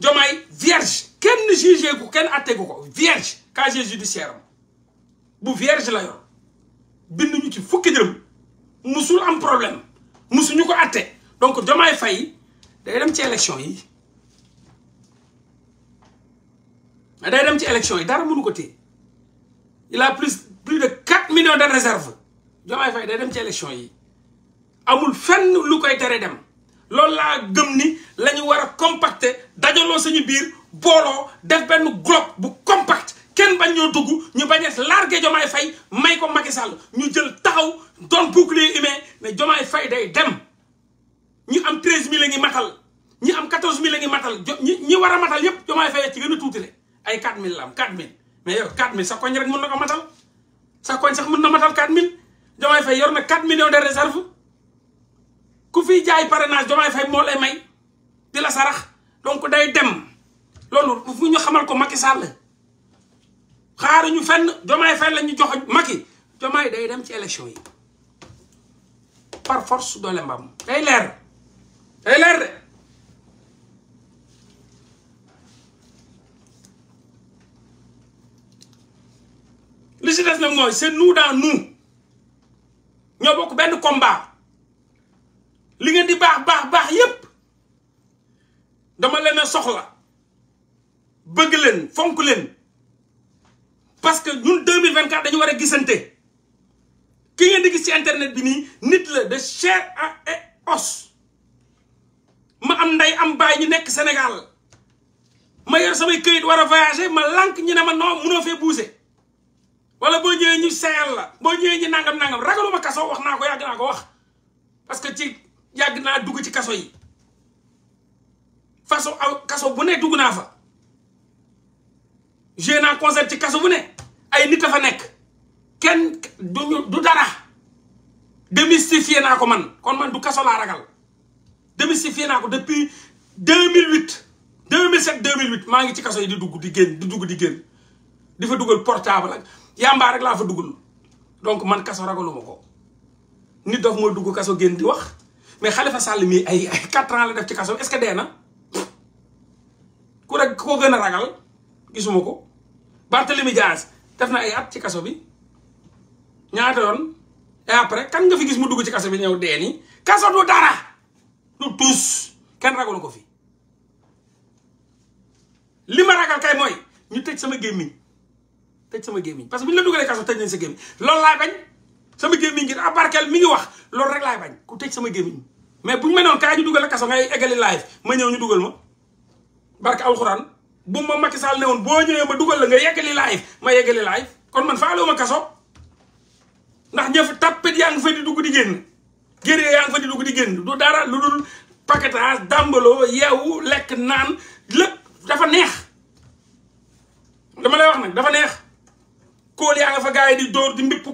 Jomai, vierge kenn jugé ko kenn atte ko vierge casier judiciaire am bu vierge la yor bind ñu ci fukki dërëm musul am problème musuñu ko atte donc Diomaye Faye day dem ci élection yi day dem ci élection yi dara mënu ko téye il a plus plus de 4 millions de réserves Jomai Faye day dem ci élection yi amul fenn lu koy tere dem loolu laa gëm ni lañu ñu war a compacter dajaloo suñu biir booloo def benn globe bu compact kenn bañ ñoo dugg ñu bañ a largué Diomaye Faye may ko Macky Sall ñu jël taxaw doon bouclier humain ne Diomaye Faye day dem ñu am 13000 la ngi matal ñi am 14000 la ngi matal ñi ñi war a matal yépp Diomaye Faye ci gën a tuuti ay 4000 la am 4000 mais yow 4000 sa koñ rek mën na ko matal sa koñ sax mën na matal 4000 Diomaye Faye yor na 4 ku fi jaay parrainage Diomaye Faye moo lay may di la sarax donc day dem loolu fu ñu xamal ko Macky Sall xaaruñu fenn Diomaye Faye la ñu jox Macky Diomaye day dem ci élection yi par force doole mbaam day leer day leer de li si des nag mooy c'est nous dans nous ñoo bokk benn combat li ngeen di bax bax bax yépp dama leen a soxla bëgg leen fonk leen parce que ñun 2024 dañu war a gisante ki ngeen di gis ci internet bi nii nit la de chair et os ma am nday am baay ñu nekk Sénégal ma yor samay këyit war a voyager ma lànk ñu ne ma non munoo fee bouger wala boo ñëwee ñu seyal la boo ñëwee ñu nangam nangam ragaluma kaso wax naa ko yàgg naa ko wax parce que ci yàgg naa dugg ci kaso yi façon aw kaso bu ne dugg naa fa joué naa concert ci kaso bu ne ay nit a fa nekk kenn duñu du dara démystifié naa ko man kon man du kaso laa ragal démystifié naa ko depuis 2008 2007 2008 maa ngi ci kaso yi di dugg di génn di dugg di génn di fa dugal portable ak yàmbaa rek laa fa dugal donc man kaso ragaluma ko nit dof mooy dugg kaso génn di wax mais Khalifa sàll mii ay ay quatre ans la def ci kaso est-ce que dee na ku rek koo gën a ragal gisuma ko Barthélemy Diaz def na ay at ci kaso bi ñaata yoon et après kan nga fi gis mu dugg ci kaso bi ñëw dee ni kaso du dara du tuus kenn ragalu ko fi li ma ragal kay mooy ñu tëj sama gémmiñ tëj sama gémmiñ parce que bu ñu la dugalee kaso tëj nañ sa gémmiñ loolu laa bañ sama gémmiñ ngir abarkeel mi ngi wax loolu rek lay bañ ku tej sama gémmiñ mais buñu ñu kaaju duggal ñu la ngay eggali live ma ñew ñu duggal ma barke alxuraan bu ma Macky Sall ne bo ñewé ma duggal la nga yeggali live ma yeggali live kon man faalu ma kasso ndax ñeuf tappit yaa ngi fa di dugg di genn gérée yaa fa di dugg di genn du dara lu paquetage dambalo yew lek nan lepp dafa neex dama lay wax nak dafa neex kóol yaa nga fa gars yi di dóor di mbipp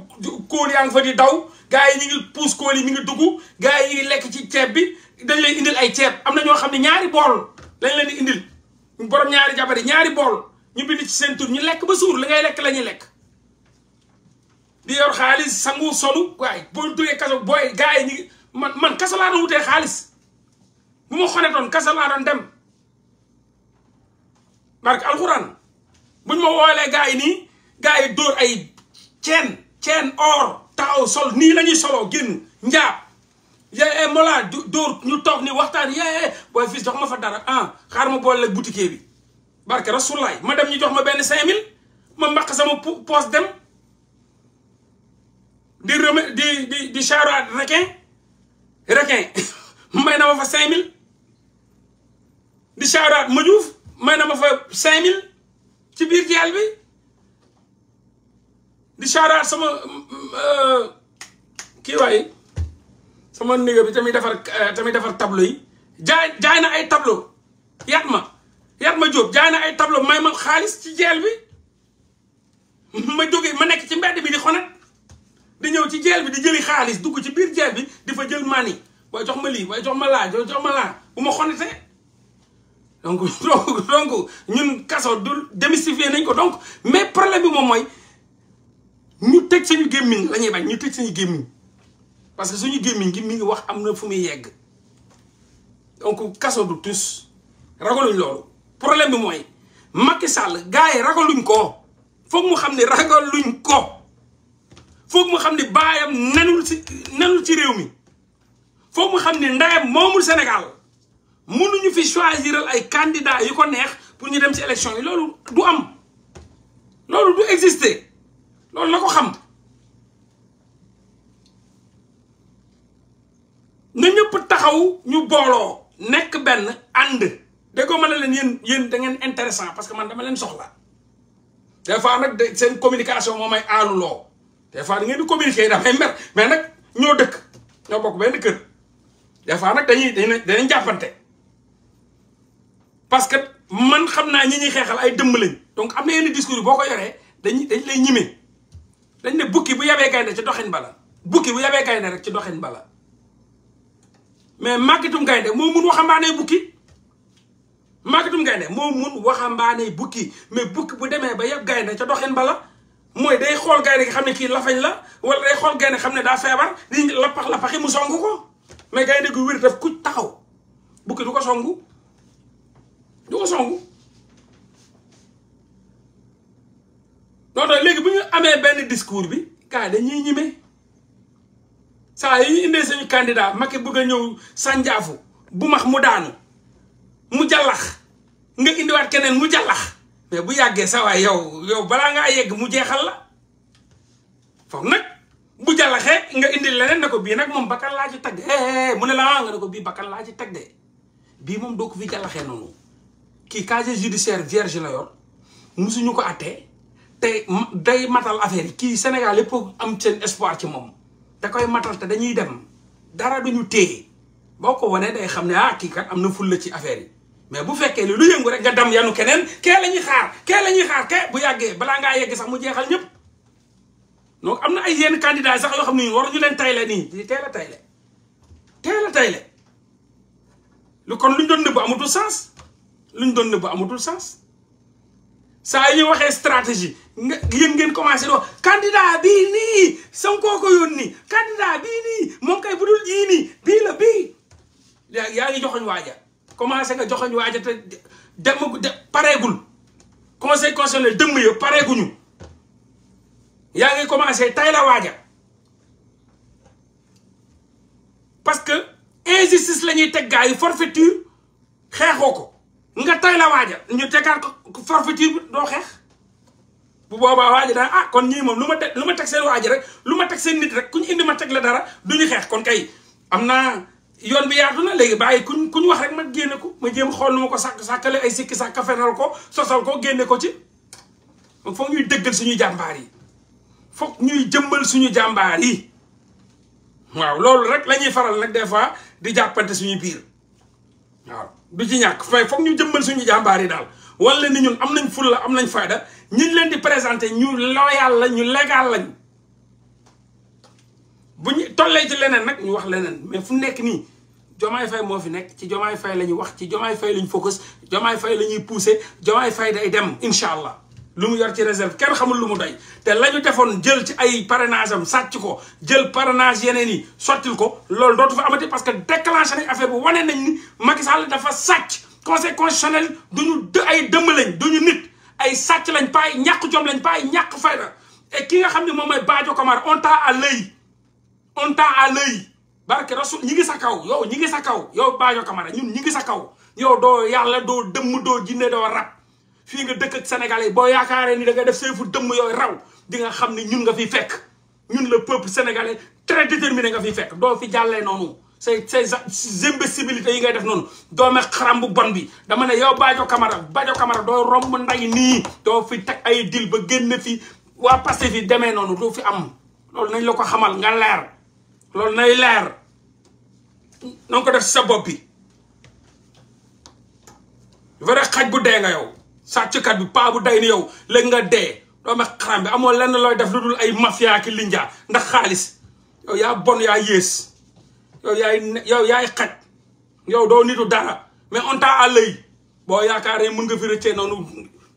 kóol yaa nga fa di daw gars yi ñu ngi puus kóol yi mi ngi dugg gars yi lekk ci ceeb bi dañ leen indil ay ceeb am na ñoo xam ne ñaari bool lañ leen di indil borom ñaari jabar yi ñaari bool ñu bind ci seen tur ñu lekk ba suur li ngay lekk lañuy lekk di yor xaalis sangu solu waaye boo duggee kaso booy gars yi ñu man man kaso laa doon wutee xaalis bu ma xonetoon kaso laa dem barke alxuraan buñ ma woolee gars yi nii gars yi dóor ay ceen ceen or taxaw sol nii lañuy ñuy soloo génn njaab yee eh, mola dóor ñu toog ni waxtaan yee eh, booy fils jox ma fa dara ah xaar ma boole ak boutiquier bi barke rasulaay ma dem ñu jox ma benn cinq mille ma mbaq sama poos dem di reme di di di charo requin requin may na ma fa cinq mille di charo ma juuf may na ma fa cinq mille ci biir jeel bi di saaraat sama euh, kii waaye sama néega bi tamit defar euh, tamit defar tableau yi jaay jaay na ay tableau yat ma yat ma jóob jaay na ay tablo may ma xaalis ci jeel bi ma jógee ma nekk ci mbedd bi di xonet di ñëw ci jeel bi di jëli xaalis dugg ci biir jeel bi di fa jël mani waaye jox ma lii waaye jox ma laa jox ma laa bu ma xonetee donc donc donc ñun kaso du démystifier nañ ko donc mais problème bi moom mooy ñu tëj suñu gémmiñ la ñuy bañ ñu tëj suñu gémmiñ parce que suñu gémmiñ gi mi ngi wax am na fu muy yegg donc kaso du tus ragaluñ loolu problème bi mooy Macky Sall gars yi ragaluñ ko foog mu xam ne ragaluñ ko foog mu xam ne baayam nenul ci nenul ci réew mi foog mu xam ne ndayam moomul Sénégal mënuñu fi choisiral ay candidats yu ko neex pour ñu dem ci élection yi loolu du am loolu du exister loolu na ko xam na ñëpp taxaw ñu booloo nekk benn ànd de ko mën a leen yéen yéen da ngeen intéressant parce que man dama leen soxla des fois nag seen communication moo may aaluloo des fois ngeen di communiquer damay mer mais nag ñoo dëkk ñoo bokk benn kër des dañuy dañuy dañuy jàppante parce que man xam naa ñi ñuy xeexal ay dëmm lañ donc am na yenn discours yi boo ko yoree dañ dañ lay ñime dañ ne bukki bu yabee gaynde ci doxin bala bukki bu yabee gaynde rek ci doxin bala mais màggitum gaynde moo mun waxambaane bukki màggitum gaynde moo mun waxambaane bukki mais bukki bu demee ba yab gaynde ca doxin bala mooy day xool gaynde xam ne kii lafañ la wala day xool gaynde xam ne daa feebar li lappax lappaxi mu songu ko mais gaynde gu wér daf ku taxaw bukki du ko songu du ko songu Donc, les gens qui ont un benn discours bi gars yi dañuy ñime saa yi indee suñu candidat Maki bëgg a ñëw sànjaafu bu max mu daanu mu jàllax nga indiwaat mu jàllax mais bu vous avez un yow candidat, vous avez un mu candidat. la foog nag bu jàllaxee nga indi leneen ne ko bii nag moom bakkan laa ci teg eh, mu ne ko bii bakkan laa ci teg de bii moom doo ko fi jàllaxee noonu casier judiciaire vierge la yor musuñu ko attee te day matal affaire yi kii Sénégal yëpp am seen espoir ci moom da koy matal te dañuy dem dara duñu téye boo ko wanee day xam ne ah kii kat am na fulla ci affaire yi mais bu fekkee ni lu yëngu rek nga dam yanu keneen kee la ñuy xaar kee la ñuy xaar kee bu yàggee balaa ngaa yegg sax mu jeexal ñëpp donc am na ay yenn candidats sax yoo xam ne waruñu leen tayle nii di teel a tayle teel a tayle lu kon luñ doon nëbb amatul sens luñ doon nëbb amatul sens saa yi ñu waxee stratégie nga ngeen commencé di wax candidat bii nii Sonko ko yónni candidat bii nii moom kay budul yii nii bii la bii yaa ngi joxoñ waaja commencé nga joxoñ waaja te dem pareegul conseil constitutionnel dëmm yëpp pareeguñu yaa ngi commencé tay la waaja parce que injustice la ñuy teg gars yi forfaiture xeexoo ko nga tay la waaja ñu tegaat ko forfaiture doo xeex bu boobaa waaja daal ah kon ñii moom lu ma teg lu ma teg seen waaja rek lu ma teg seen nit rek ku ñu indi ma teg la dara du ñu xeex kon kay am naa yoon bi yaatu na léegi bàyyi ku ñu wax rek ma génne ko ma jéem xool nu ma ko sàkk sàkkale ay sikki sàkk fenal ko sosal ko génne ko ci foog ñuy dëggal suñu jàmbaar yi foog ñuy jëmbal suñu jàmbaar yi waaw loolu rek lañuy faral nag des fois di jàppante suñu biir du ci ñàkk fay foog ñu jëmbal suñu jàmbaar yi daal wala ni ñun am nañ la am nañ fayda ñiñ leen di présenté ñu loyal la ñu légal lañ bu ñu tollee ci leneen nag ñu wax leneen mais fu nekk nii jomaay fay moo fi nekk ci jomaay fay la ñu wax ci jomaay fay la ñu focus jomaay fay la ñuy poussé jomaay fay day dem incha allah lu mu yor ci réserve kenn xamul lu mu doy te la ñu defoon jël ci ay parrainage am sàcc ko jël parenage yeneen yi sottil ko loolu dootu fa amati parce que déclenché nañ affaire bu wane nañ ni Macky Sall dafa sàcc conseil constitutionnel du ñu ay dëmm lañ du ñu nit ay sàcc lañ paay ñàkk jom lañ paay ñàkk fayda et ki nga xam ne moom mooy Badio Camara on t'a à l'œil on t'a à l'œil barke rasul ñi ngi sa kaw yow ñi ngi sa kaw yow Badio Camara ñun ñi ngi sa kaw yow doo yàlla doo dëmm doo jinne doo rab fii nga dëkk ak sénégalais boo yaakaaree ni da nga def seefu dëmm yooyu raw di nga xam ne ñun nga fiy fekk ñun le peuple sénégalais très déterminé nga fiy fekk doo fi jàllee noonu say say imbécibilités yi ngay def noonu doome xaram bu bon bi dama ne yow Badio Camara Badio Camara doo romb nday nii doo fi tag ay dil ba génn fi waa Pastef fi demee noonu doo fi am loolu nañ la ko xamal nga leer loolu nay leer na ko def sa bopp bi vrai xaj bu dee nga yow sàcckat bi paa bu day ni yow léegi nga dee doomu xaram bi amoo lenn looy def lu dul ay mafia ki linja ndax xaalis yow yaa bon yaa yées yow yaay yow xaj yow doo nitu dara mais on t'a à l'œil boo yaakaaree mën nga fi rëccee noonu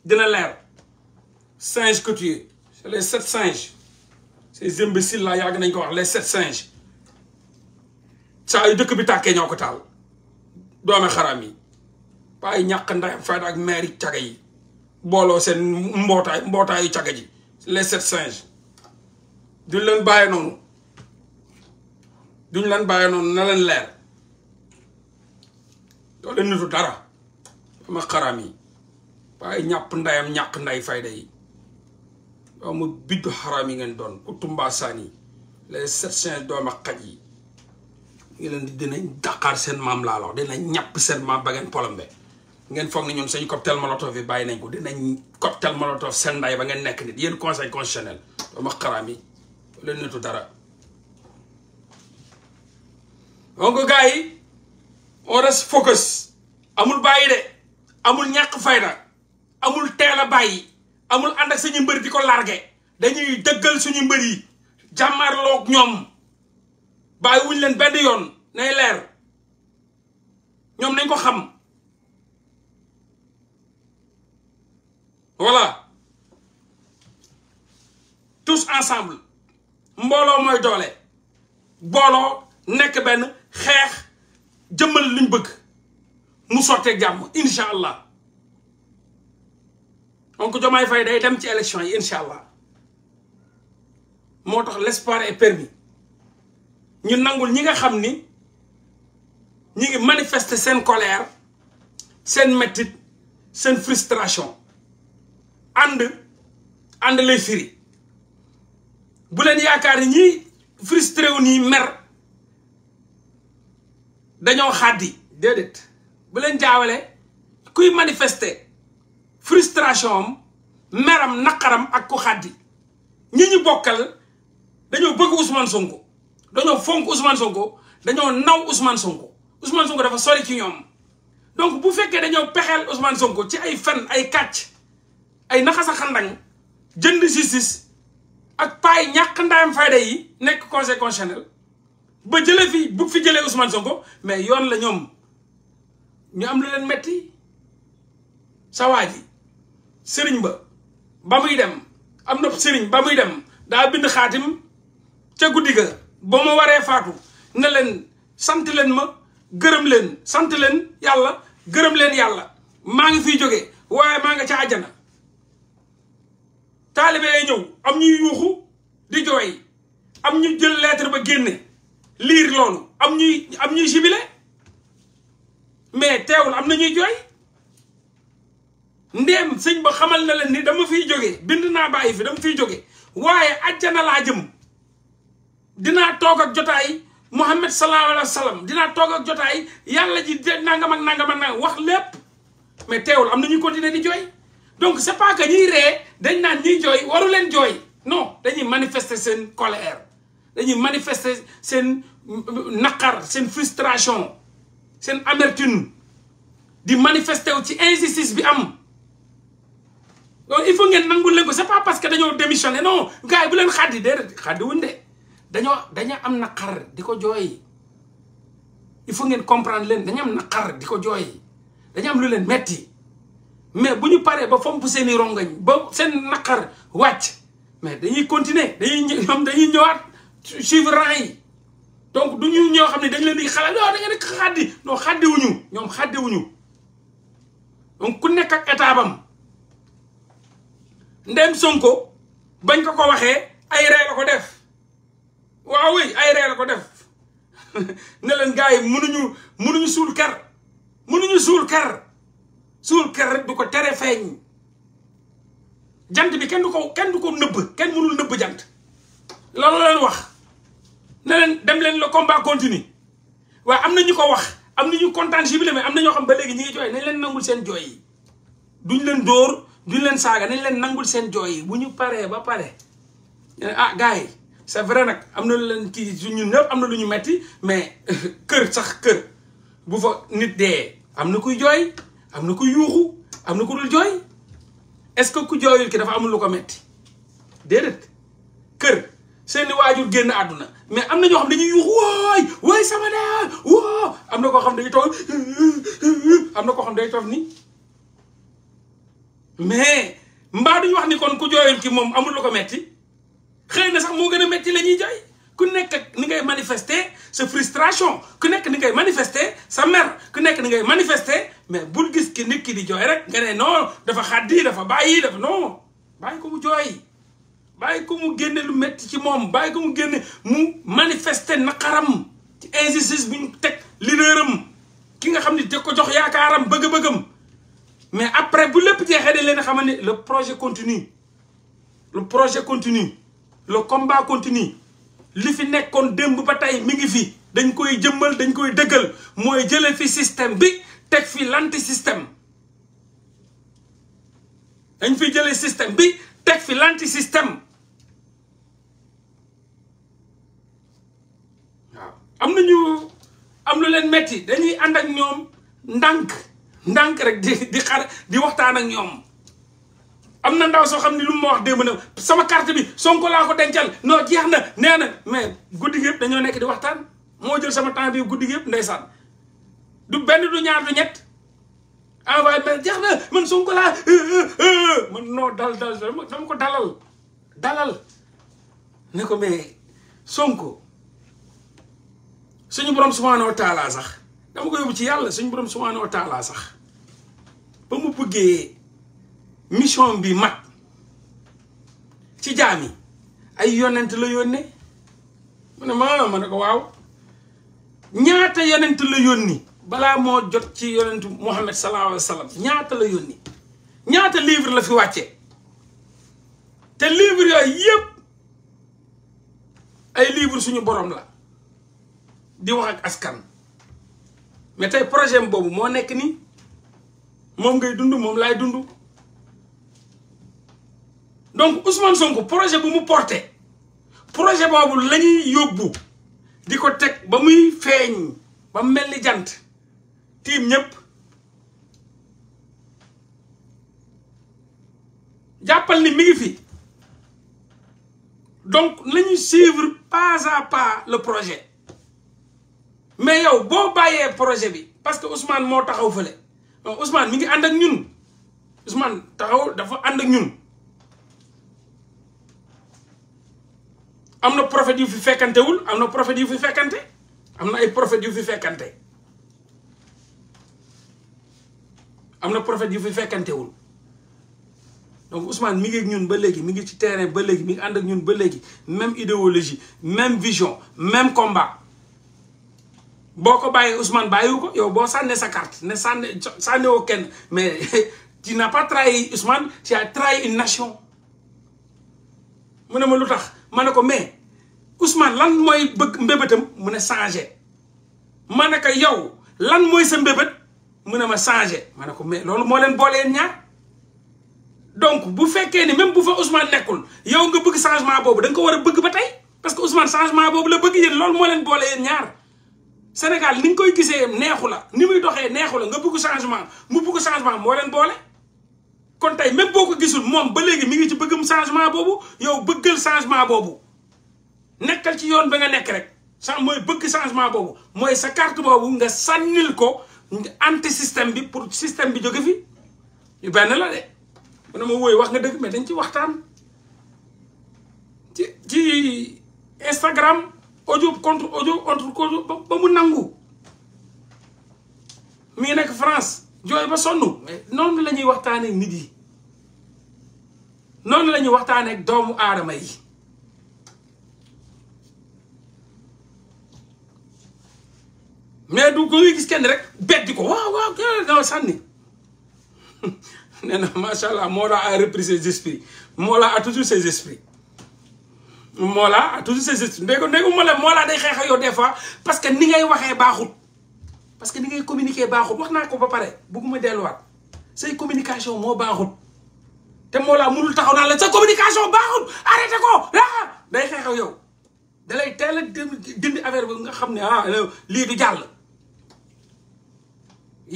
dina leer singe que tu es c'est les sept singes ces imbéciles là yàgg nañ ko wax les set singes saa yu dëkk bi tàkkee ñoo ko taal doome xaram yi bàyyi ñàkk ndayam fayda ak maire yi yi booloo seen mbootaay mbootaayu cagga ji les sept singes duñ leen bàyyi noonu duñ leen bàyyi noonu na leen leer doo leen nitu dara dama xaram yi waaye ñàpp ndeyam ñàq nday fayda yi doomu biddu xaram yi ngeen doon ku tumbaa saan yi les sept singes dooma xaj yi ngi leen di dinañ daqaar seen maam laa wax dinañ ñàpp seen maam ba ngeen polombe ngeen fogg ni ñun sañu cocktail molotov yi bàyyi nañ ko dinañ cocktail molotov seen nday ba ngeen nekk nit yéen conseil constitutionnel dama xaraam yi leen nitu dara donc gars yi on reste focus amul bàyyi de amul ñàkk fayda amul teel a bàyyi amul ànd ak suñu mbër di ko largué dañuy dëggal suñu mbër yi jàmmarloog ñoom bàyyi wuñ leen benn yoon nay leer ñoom nañ ko xam voilà tous ensemble Mbolo moy doole Bolo nek ben xex jëmmal liñ bëgg mu sorté jamm inshallah. donc Diomaye Faye day dem ci élection yi inshallah. Motax l'espoir est permis ñu nangul ñi nga xamni ñi ngi manifester sen colère sen métit, sen frustration ànd ànd lay firi bu leen yaakaar ni ñiy frustré wu nii mer dañoo xàddi déedéet bu leen jaawale kuy manifester frustration am meram naqaram ak ku xàddi ñi ñu bokkal dañoo bëgg Ousmane Sonko dañoo fonk Ousmane Sonko dañoo naw Ousmane Sonko Ousmane Sonko dafa sori ci ñoom donc bu fekkee dañoo pexeel Ousmane Sonko ci ay fen ay kàcc ay naxasa xandañ jënd justice ak paay ñàkk ndaayam fayda yi nekk conseil constitutionnel ba jële fi bu fi jëlee Ousmane Sonko mais yoon la ñoom ñu am lu leen metti sa waa ji sëriñ ba ba muy dem am na sëriñ ba muy dem daa bind xaatim ca guddi ga ba mu waree faatu na leen sant leen ma gërëm leen sant leen yàlla gërëm leen yàlla maa ngi fiy jóge waaye maa nga ca àjjana taalibe yi ñëw am ñuy yuuxu di jooy am ñu jël lettre ba génne liir loolu am ñuy am ñuy jibile mais teewul am na ñuy jooy ndeem sëñ ba xamal na leen ni dama fiy jóge bind naa bàyyi fi dama fiy jóge waaye ajjana laa jëm dinaa toog ak jotaay Muhammad sallallahu alayhi wa sallam dinaa toog ak jotaay yàlla ji de nangam naa nangam ak nangam wax lépp mais teewul am na ñuy continuer di jooy donc c'est pas que ñiy ree dañ naan ñiy jooy waru leen jooy non dañuy manifester seen colère dañuy manifester seen naqar seen frustration seen amertume di manifester wu ci injustice bi am loolu il faut ngeen nangul leen ko c'est pas parce que dañoo démissionné non gars yi bu leen xaddi déedéet xaddi wuñ de dañoo dañoo am naqar di ko jooy il faut ngeen comprendre leen dañu am naqar di ko jooy dañu am lu leen metti mais bu ñu paree ba fompu seen i rongañ ba seen naqar wàcc mais dañuy continuer dañuy ñoom dañuy ñëwaat suivre rang yi donc du ñu ñoo xam ne dañ leen di xalaat yow da nga nekk xaddi non xaddiwuñu ñoom xaddiwuñu donc ku nekk ak état bam ndem Sonko bañ ko ko waxee ay reer la ko def waaw oui ay ree ko def ne leen gars yi mënuñu mënuñu suul kar mënuñu suul kar suul kër rek du ko tere feeñ jant bi kenn du ko kenn du ko nëbb kenn mënul nëbb jant loolu leen wax ne leen dem leen la combat continue waaye am na ñu ko wax am na ñu contante si bi mais am na ñoo xam ba léegi ñu ngi jooy nañ leen nangul seen jooy yi leen dóor duñ leen saaga nañ leen nangul seen jooy yi bu ñu paree ba pare ah gars yi c'est vrai nag am na lu leen kii ñun ñëpp am na lu ñu metti mais kër sax kër bu fa nit dee am na kuy jooy am na ku yuuxu am na ku dul jooy est-ce que ku jooyul ki dafa amul lu ko metti déedéet kër seeni waajur génn àdduna mais am na ñoo xam dañuy yuuxu waay waay sama daa woo am na koo xam dañuy toog am na koo xam day toog nii mais mbaa ñu wax ni kon ku jooyul ki moom amul lu ko metti xëy na sax moo gën a metti la ñuy jooy ku nekk ni ngay manifester sa frustration ku nekk ni ngay manifester sa mère ku nekk ni ngay manifester mais bul gis ki nit ki di joy rek nga non dafa xadi dafa bàyyi dafa non bàyyi ko mu joy bàyyi ko mu génne lu metti ci mom bàyyi ko mu génne mu manifester nakaram ci injustice bu tek teg leaderam ki nga xamni de ko jox yaakaram bëgg-bëggam mais après bu lepp jeexee dañ leen xamal ne le projet continue le projet continue le combat continue li fi nekkoon démb ba tey mi ngi fi dañ koy jëmmal dañ koy dëggal mooy jële fi système bi teg fi lanti système dañ fi jële système bi teg fi lanti système waaw am na ñu am lu leen metti dañuy ànd ak ñoom ndànk ndànk rek di di xar di waxtaan ak ñoom am na ndaw soo xam ne lu ma wax démb na sama carte bi Sonko laa ko dencal non jeex na nee na mais guddi gi dañoo nekk di waxtaan moo jël sama temps bi guddi gi yëpp ndeysaan du benn du ñaar du ñett envoyé mais jeex na man Sonko laa euh, euh, euh. man non dal dal dama ko dalal dalal ne ko mais Sonko suñu borom subhaanahu wa taala sax dama ko yóbbu ci yàlla suñu borom subhaanahu wa taala sax ba mu bëggee. mission bi mag ci jaam yi ay yonent la yónnee mu ne ma ma ne ko waaw ñaata yonent la yónni balaa moo jot ci yonentu Muhammad sallallahu alayhi wa sallam ñaata la yónni ñaata livre la fi wàcce te livre yooyu yëpp ay livre suñu borom la di wax ak askan mais tey projet boobu moo nekk ni moom ngay dund moom laay dund donc Ousmane Sonko projet bu mu porté projet boobu la ñuy yóbbu di ko teg ba muy feeñ ba mel jant tim ñep jàppal ni mi ngi fi donc nañu suivre pas à pas le projet mais yow bo bayé projet bi parce que Ousmane mo taxaw feulé Ousmane mi ngi and ak ñun Ousmane taxaw dafa and ak ñun. am na prophète yu fi Il y a prophète yu fi fekkante am na ay prophète yu fi fekkante am na prophète yu fi fekkantewul donc Ousmane mi ngi ak ñun ba léegi mi ci terrain ba léegi mi ngi ak ñun ba léegi même idéologie même vision même combat boo ko bàyyee Ousmane bàyyiwu ko yow ça n'est sa carte ne n'est aucun. mais tu n'as pas trahi Ousmane tu as trahi une nation mu ne ma lu tax ma ne ko mais Ousmane lan mooy bëgg mbébétam mu ne changé ma ne ko yow lan mooy sa mbébét mu ne ma changé ma ne ko mais loolu moo leen boole yéen ñaar donc bu fekkee ni même bu fa Ousmane nekkul yow nga bëgg changement boobu da ko war a bëgg ba tey parce que Ousmane changement boobu la bëgg yéen loolu moo leen boole yéen ñaar. Sénégal ni nga koy gisee neexu la ni muy doxee neexu la nga bëgg changement mu bëgg changement moo leen boole. kon tay même boko gisul mom ba léegi mi ngi ci bëggum changement bobu yow bëggal changement bobu nekkal ci yoon ba nga nekk rek sa moy bëgg changement bobu moy sa carte bobu nga sanil ko anti système bi pour système bi joge fi yu ben la dé mu mo woy wax nga dëgg mais dañ ci waxtaan ci ci Instagram audio contre audio contre audio ba mu nangu mi nek France joy ba sonu non lañuy waxtane nit yi non la ñu ak doomu aadama yi mais du ko gis kenn rek beddi ko waaw waaw daw sànni nee na macha allah a repris ses esprits Mola a toujours ses esprits Mola a toujours ses esprits ndéko ndéko mola mola day xeex ak yow des fois parce que ni ngay waxé baaxul parce que ni ngay communiquer baaxul waxna ko ba pare bëgguma wat say communication mo baaxul. te mo la mudul taxaw naa la sa communication baxul arrêté ko ah day xeexaw yow dalay teel a dindi affaire bi nga xam ha li du jall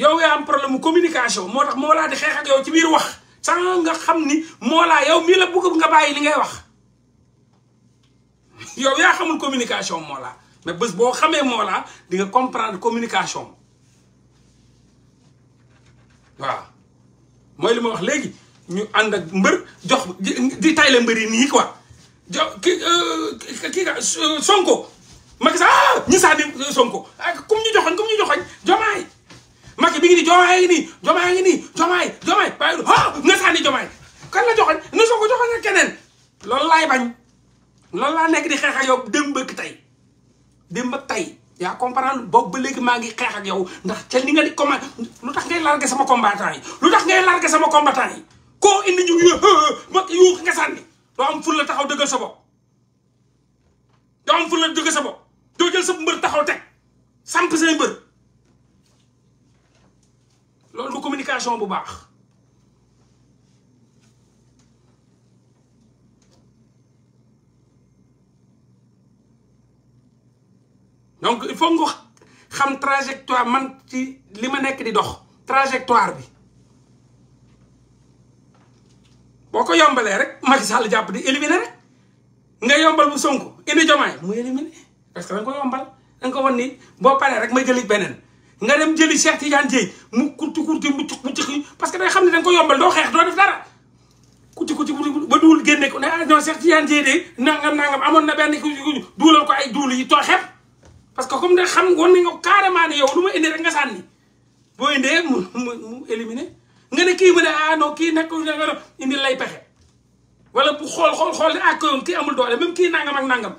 yow yaa am problème communication motax mo la di xex ak yow ci bir wax sa nga xamni ni la yow mi la bëgg nga bayyi li ngay wax yow ya xamul communication mo la mais bëss bo xamé mo la di nga comprendre communication wa moy li ma wax léegi ñu ànd ak mbër jox di tayle mbër yi nii quoi jo ki euh, kii Sonko Macky Sall ah ñu saa di Sonko ak ah, kum ñu joxoon kum ñu joxoon jomaay Macky bi ngi nii jomaay ngi jomaay ngi nii jomaay jomaay bàyyi ah nga saa jomaay kan la joxoon na Sonko joxoon na keneen loolu laay bañ loolu laa nekk di xeex ak yow démb ak tey dem ak tey yaa comprendre boobu ba léegi maa ngi xeex ak yow ndax ca li nga di comment lu tax ngay largué sama combattant yi lu tax ngay largué sama combattant yi. ko indi ñu yu mag yu nga sànni do am ful la taxaw deugal sa bop do am ful la deugal sa bop do jël sa mbeur taxaw tek samp sa mbeur lolou du communication bu baax donc il faut nga xam trajectoire man ci lima nek di dox trajectoire bi boko yombalé ya, rek Macky Sall japp di éliminer rek nga yombal bu sonko indi jomay ya, mu éliminer nah, parce que dang ko yombal dang ko wonni bo paré rek may jëli benen nga dem jëli Cheikh Tidiane Dieye mu kurti kurti nah, ya, mu tuk mu tuk parce que day xamni dang ko yombal do xex do def dara kuti kuti ba dul genné ko na non Cheikh Tidiane Dieye de nangam nangam amon na ben ku dulal ko ay dul yi to xep parce que comme da xam won nga carrément yow luma indi rek nga sanni bo indi mu éliminer nga ne ki mu ne ah non kii nekkul indi lay pexé wala bu xol xol xol ak ah, yoon amul doole même ki nangam ak nangam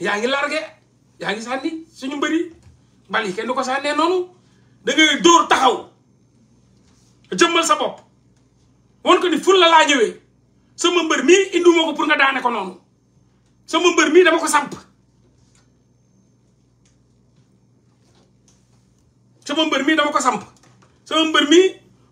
yaangi largué yaangi ngi suñu mbëri bali ken duko du nonu da ngay door taxaw jëmmal sa bop won ko ni ful la laa ñëwee sama mbeur mi indu moko pour nga daane ko nonu sama mbeur mi dama ko samp sama mbeur mi dama ko samp sama mbeur mi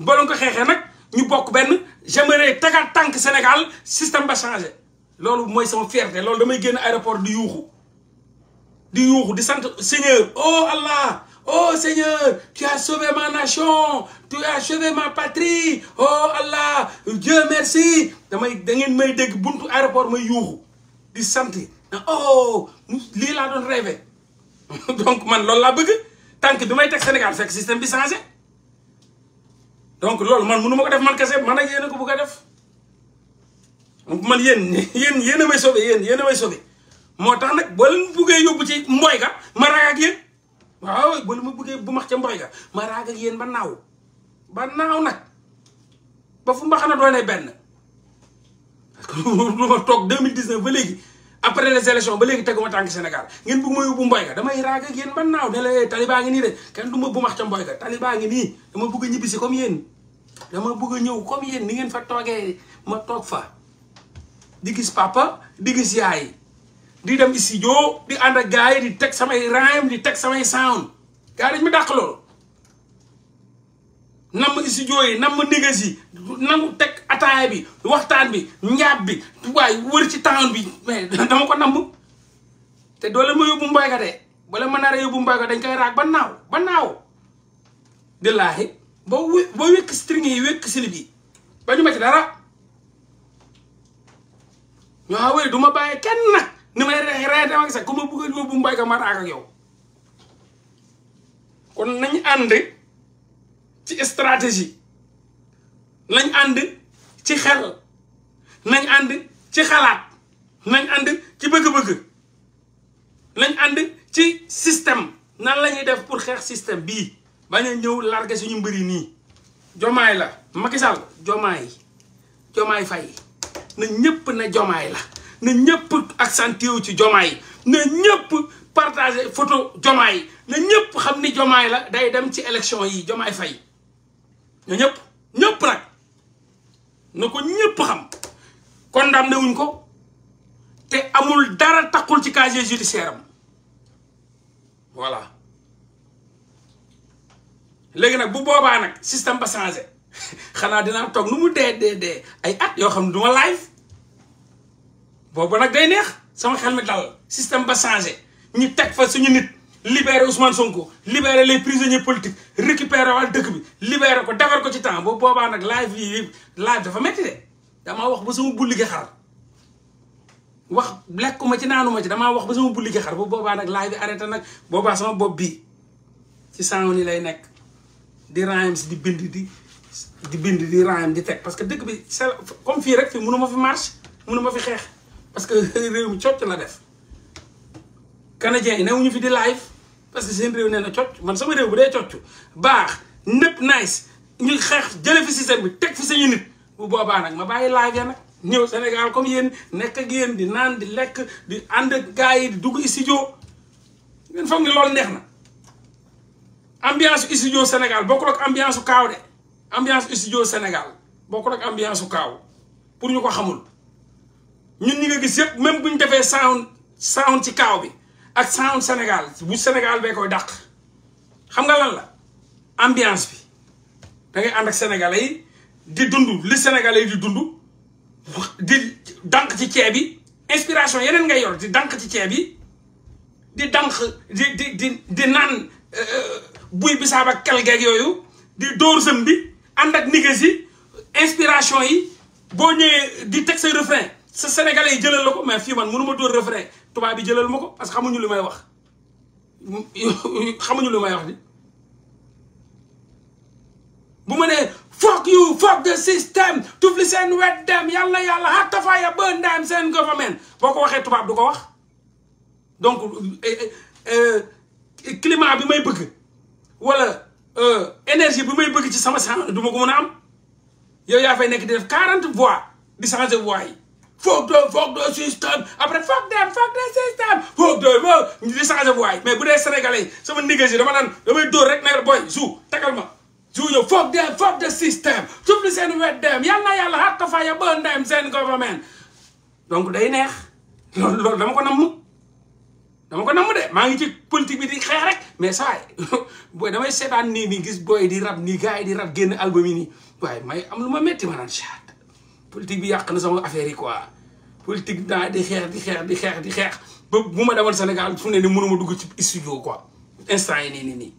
J'aimerais, tant que xeexee nag ñu bokk benn j'aimerais tegaat tànk Sénégal système ba changé loolu mooy sama fierté loolu damay génn aéroport du Youhou. di yuuxu di Seigneur oh Allah oh Seigneur tu as sauvé ma nation tu as sauvé ma patrie oh Allah Dieu merci damay da ngeen may dégg buntu aéroport Du yuuxu di sant oh ce que j'ai rêvé donc man loolu la bëgg tànk bi may teg Sénégal le système bi changer. donc loolu man mënu ma ko def man kese man ak yéen ko bëgg a def man yéen yéen yéen a may sauvé yéen yéen a may sauvé moo tax nag boo leen buggee yóbbu ci mboy ga ma raag ak waaw boo leen ma buggee bu max ca mboy ga ma raag ak yéen ba naaw ba naaw nag ba fu mbaxana doonee benn parce que lu ma toog 2019 ba léegi après les élections ba léegi teguma tànk Sénégal ngeen bëgg ma yóbbu mboy ga damay raag ak yéen ban naaw ne la talibaa ngi nii de kenn du ma bu max ca mboy ga talibaa ngi nii dama bëgg a ñibbisi comme yéen dama bëgg a ñëw comme yéen ni ngeen fa toogee ma toog fa di gis papa di gis yaay di dem studio di ànd ak gars yi di teg samay rhyme di teg samay sound gars yi dañ ma dàq loolu namm studio yi namm négas yi nangu teg ataaya bi waxtaan bi njaab bi waay wër ci town bi mais ko namm te doole ma yóbbu mboy ka de bala ma nar a yóbbu mboy ka dañ koy raag ba naaw ba naaw billaahi boo wé boo string yi wékk silib ba ñu ma ci dara waaw wéy du ma bàyyi kenn nag ni may re reete ak sax ku ma bëgg a yóbbu mboy ka ma raag ak yow kon nañ ànd ci stratégie nañ ànd ci xel nañ ànd ci xalaat nañ ànd ci bëgg-bëgg nañ ànd ci système nan lañuy def pour xeex système bii bañ a ñëw largué suñu mbër yi nii jomaay la Macky Sall jomaay jomaay fay na ñëpp na jomaay la na ñëpp accenté wu ci jomaay na ñëpp partagé photo jomaay na ñëpp xam ni jomaay la day dem ci élection yi jomaay fay ñëpp ñëpp nag na ko ñëpp xam condamné wuñ ko te amul dara taxul ci casier judiciaire am voilà léegi nag bu boobaa nag système ba changé xanaa dinaa toog nu mu dee dee dee ay at yoo xam ne duma ma live boobu nag day neex sama xel mi dal système ba changé ñu teg fa suñu nit libérer Ousmane Sonko libérer les prisonniers politiques récupérer wàll dëkk bi libérer ko defar ko ci temps boobu boobaa nag live yi live dafa métti de damaa wax ba sama bulli gi xar wax lekkuma ci naanuma ci damaa wax ba sama bulli gi xar ba boobaa nag live bi arrêté nag boobaa sama bopp bii ci saawu ni lay nekk di raayam si di bind di di bind di raayam di teg parce que dëkk bi c'est comme fii rek fii mënu ma fi marche mënu ma fi xeex parce que réew mi cocc def canadiens yi newuñu fi di live parce que seen réew nee na cocc man sama réew bu dee cocc baax nëpp nice ñu xeex jële fi système bi teg fi sañu nit bu boobaa nag ma bàyyi laajee nag ñëw Sénégal comme yéen nekk ak yéen di naan di lekk di ànd ak yi di dugg studio ngeen foog ni loolu neex na ambiance studio Sénégal bokkul ak ambiance su kaaw de ambiance studio Sénégal bokkul ak ambiance su kaaw pour ñu ko xamul ñun ñi nga gis yëpp même bu ñu defee sound sound ci kaaw bi. ak san Sénégal bu Sénégal bee koy dàq xam nga lan la ambiance bi da ngay ànd ak sénégalais yi di dund li sénégalais yi di dund di dànk ci ceeb yi inspiration yeneen ngay yor di dànq ci ceeb yi di dànk di di di naan euh, buy bisaab ak kel geeg yooyu di dóor sëm bi ànd ak niges yi inspiration yi boo ñëwee di teg sa refrain sa sénégalais yi jëlal la ko mais fii man mënu ma dóor refrain tubaab bi jëlal ma parce que xamuñu limay wax xamuñu limay wax di bu ma fuck you fuck the system tufli seen wet dem yàlla yàlla xattafaaya ba ndem seen government boo ko waxee tubaab du ko wax donc euh climat bi may bëgg wala euh énergie bi may bëgg ci sama sang duma ko mëna am yow ya fay nek di def 40 voix di changer voix yi foog de foog de système après foog de foog de système foog de foog di changé waay mais bu dee sénégalais sama négési dama naan damay dóor rek nag booy zou tagal ma zou yow foog de foog de système tubli seen wet dem yàlla yàlla hatta faya ba ndem seen government donc day neex loolu loolu dama ko namm dama ko namm de maa ngi ci politique bi di xeex rek mais saay booy damay seetaan nii nii gis booy di rab nii gars di rab génn album yi nii waaye may am lu ma métti ma politique bi yàq na sama affaire yi quoi politique naa di xeex di xeex di xeex di xeex ba bu ma demoon Sénégal fu ne ni mënuma dugg ci studio quoi instant yi nii nii nii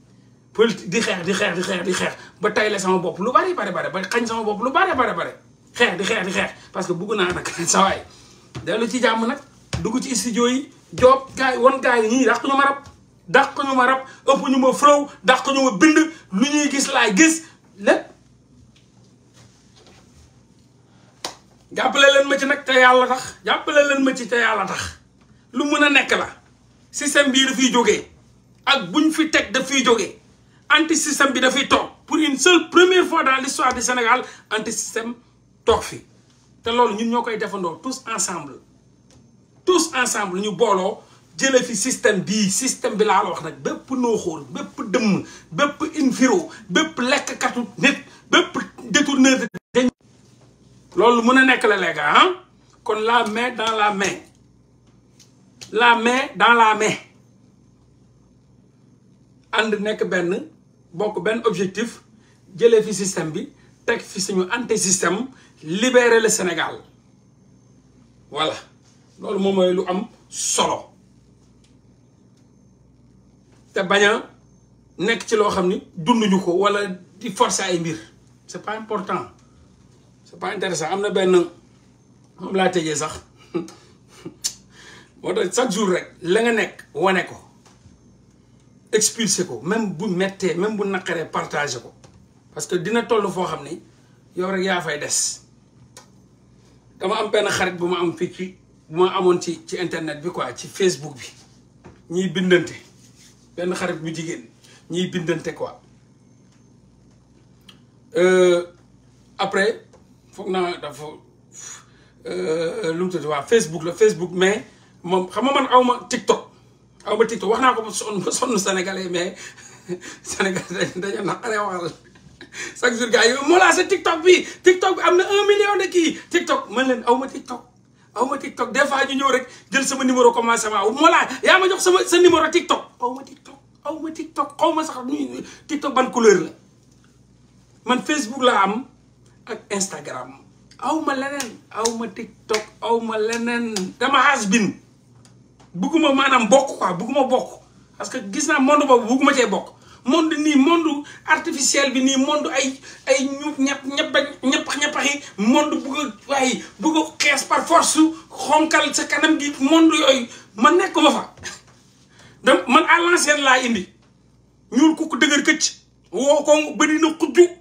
politique di xeex di xeex di xeex di xeex ba tay la sama bopp lu bari bari bari ba xañ sama bopp lu bari bari bari xeex di xeex di xeex parce que bugg naa nag sa waay dellu ci jàmm nag dugg ci studio yi joob gars yi wan gars yi ñii dàq ñu ma rab dàq ñu ma rab ëpp ñu ma flow dàq ñu ma bind lu ñuy gis laay gis lépp jàppale leen ma ci nag te yàlla tax jàppale leen ma ci te yàlla tax lu mën a nekk la système bii dafiy jóge ak buñ fi teg dafiy jógee anti système bi dafay toog pour une seule première fois dans l'histoire du Sénégal anti système toog fi te loolu ñun ñoo koy defandoo tous ensemble tous ensemble ñu booloo jële fi système bi système bi laa la wax nag bépp nooxóor bépp dëmm bépp infiro bépp lekkkatu nit bépp détourneur lolou ce nek la les gars ah? kon la main dans la main la main dans la main And nek ben, bok ben objectif jëlé fi système bi tek fi anti système libérer le Sénégal voilà lolou ce lu am solo te baña a ci lo xamni ko wala di forcer ay mbir c'est pas important. c'est pas intéressant am na benn moom laa tëjee sax moo tax chaque jour rek la nga nekk wane ko expulsé ko même bu mettee même bu naqaree partagé ko parce que dina toll foo xam ni yow rek yaa fay des dama am benn xarit bu ma am fii ci bu ma amoon ci ci internet bi quoi ci Facebook bi ñiy bindante benn xarit bu jigéen ñiy bindante quoi euh, après foog naa dafa euh, euh, lu mu tudd waa Facebook la Facebook mais moom xam nga man aw ma TikTok aw ma TikTok wax naa ko ba sonn ba sonn Sénégalais mais Sénégal dañoo naqaree waxal chaque jour gars yi moo laa sa TikTok bi TikTok bi am na un million de kii TikTok man leen aw ma TikTok. aw ma TikTok des fois ñu ñëw rek jël sama numéro commencé ma aw Mollah yaa ma jox sama sa numéro TikTok aw ma TikTok aw ma TikTok xaw ma sax nu TikTok ban couleur la man Facebook laa am. ak Instagram aw ma leneen aw ma TikTok aw ma leneen dama has bin bugguma maanaam bokk quoi bugguma bokk parce que gis naa monde boobu bugguma cee bokk monde nii monde artificiel bi nii monde ay ay ñu ñap ñapa ñapax ñapaxi monde bugg waaye bugg xees par force xonkal sa kanam gi monde yooyu man nekkuma fa donc man à l'ancienne laa indi ñuul ku ko dëgër këcc woo ko bëri na xujju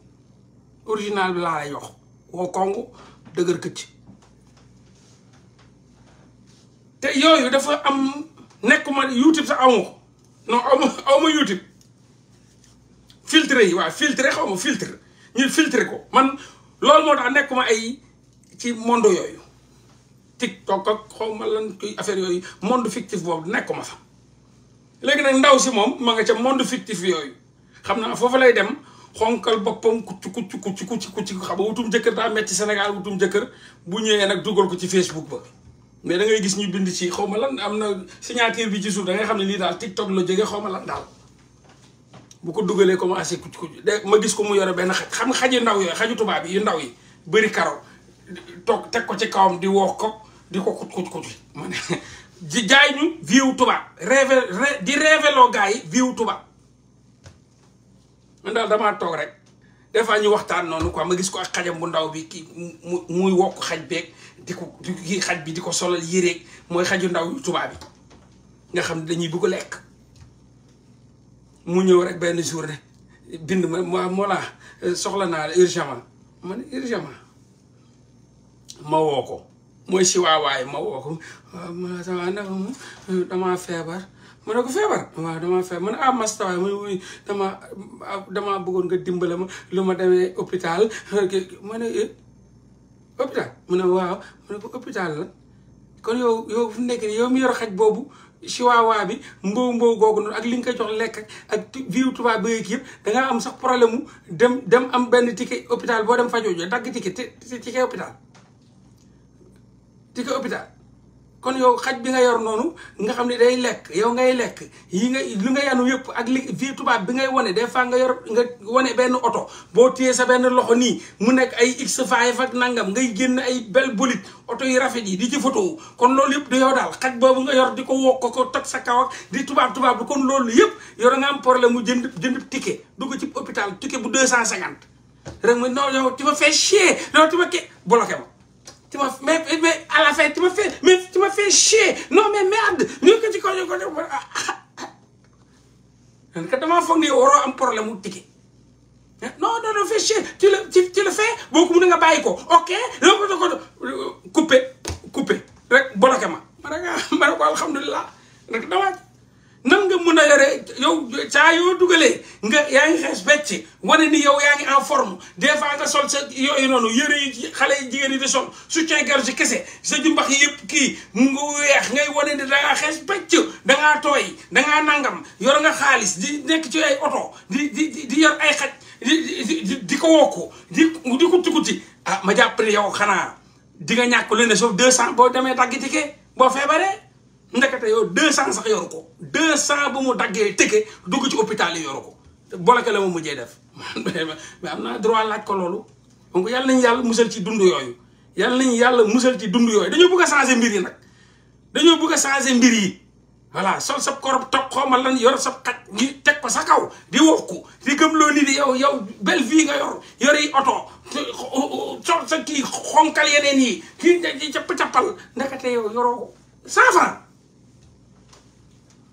original bi laa lay jox woo kong dëgër këcc te yooyu dafa am nekkuma youtube sa amu ko non amu awma youtube filtre yi waaw filtre xaw ma filtre ñu filtre ko man loolu moo daa nekkuma ay ci monde yooyu tiktok ak xaw ma lan koy affaire yooyu monde fictif boobu nekkuma fa léegi nag ndaw si moom ma nga ca monde fictif yooyu xam naa foofu lay dem xonkal boppam kucc kucc kucc kucc kucc xam nga wutum jëkkër daa metti Sénégal wutum jëkkër bu ñëwee nag dugal ko ci Facebook ba mais da gis ñu bind ci xaw ma lan am na signature bi da ngay xam ne lii daal TikTok la jógee xaw ma lan daal bu ko dugalee commencé kucc ma gis ko mu yore benn xam nga xaju ndaw yooyu xaju tubaab yu ndaw yi bëri karo toog teg ko ci kawam di woo ko di ko kucc kucc jaay ñu viwu tubaab révé di révéloo gars yi viwu tubaab man daal damaa toog rek des ñu waxtaan noonu ko ma gis ko ak xajam bu ndaw bi ki muy wokk xaj beeg di ko di xaj bi di ko solal yéreeg mooy xaju ndaw yu tubaab yi nga xam ne dañuy bugg lekk mu ñëw rek benn journée bind ma ma voilà soxla naa la urgemment ma ne urgemment ma woo ko mooy si waawaay ma woo ko damaa feebar. ma ne ko feebar waaw dama feebar ma ne ah masta waay muy wuy dama dama bëggoon nga dimbale ma lu ma demee hôpital ma mu ne waaw ma ne ko hôpital la kon yow yow fu nekk yow mi yor xaj boobu chihuahua bi mbow mbow googu noonu ak li koy jox lekk ak viu tubaab bëgg yëpp dangaa am sax problème mu dem dem am benn ticket hôpital boo dem fajoo jo dagg ticket ticket hôpital ticket hôpital kon yow xaj bi nga yor nonu nga xamni day lek yow ngay lek yi nga lu nga yanu yep ak li tuba tubaab bi ngay woné des fois nga yor nga woné ben auto bo téyee sa ben loxo ni mu nek ay X5 ak nangam ngay genn ay bel bolit auto yi rafet yi di ci photo kon loolu yep da yow dal xaj bobu nga yor di ko ko toj sa kaw ak di tuba tuba bu kon loolu yep yor nga am problème mu jënd jënd ticket dugg ci hôpital ticket bu 250 rek mu non yow tu ma fais chier non tu ke bloqué ma Tu m'as mais, mais à la fin, tu m'as fait, tu me fait chier. Non, mais merde. Mieux que tu connais. fait hein? Non, non, non, fais chier. Tu le, fais, beaucoup de Ok, coupé, ok, nan nga mun a yore yow saa yoo dugalee nga yaa ngi xees becc wane ni yow yaa ngi en forme des fois nga sol sa yooyu noonu yëre yi xale yi jigéen yi di sol soutien gorge kese sa jumbax yi yëpp kii nga weex ngay wane ni dangaa xees becc dangaa tooy dangaa nangam yor nga xaalis di nekk ci ay oto di di di yor ay xaj di di ko wokku di di kuti kutti ah ma jàpp yow xanaa di nga ñàkk lu ne sauf deux cent boo demee dagg tike boo feebaree ndekete yo 200 sax yoru ko 200 bu mu dagge teke dugg ci hôpital yi yoru ko bolake la mu mujjé def mais amna droit laj ko loolu donc yalla nañu yalla mussel ci dundu yooyu yalla nañu yalla mussel ci dundu yooyu dañu bëgg changer mbir yi nak dañu bëgg changer mbir yi wala sol sa sab tok ko ma lan yor sa xaj ñu tek ko sa kaw di wax ko di gem lo nit yow yow belle vie nga yor yor yi auto sol sa ki xonkal yeneen yi ki ci capp-cappal ndekete yow yoro safa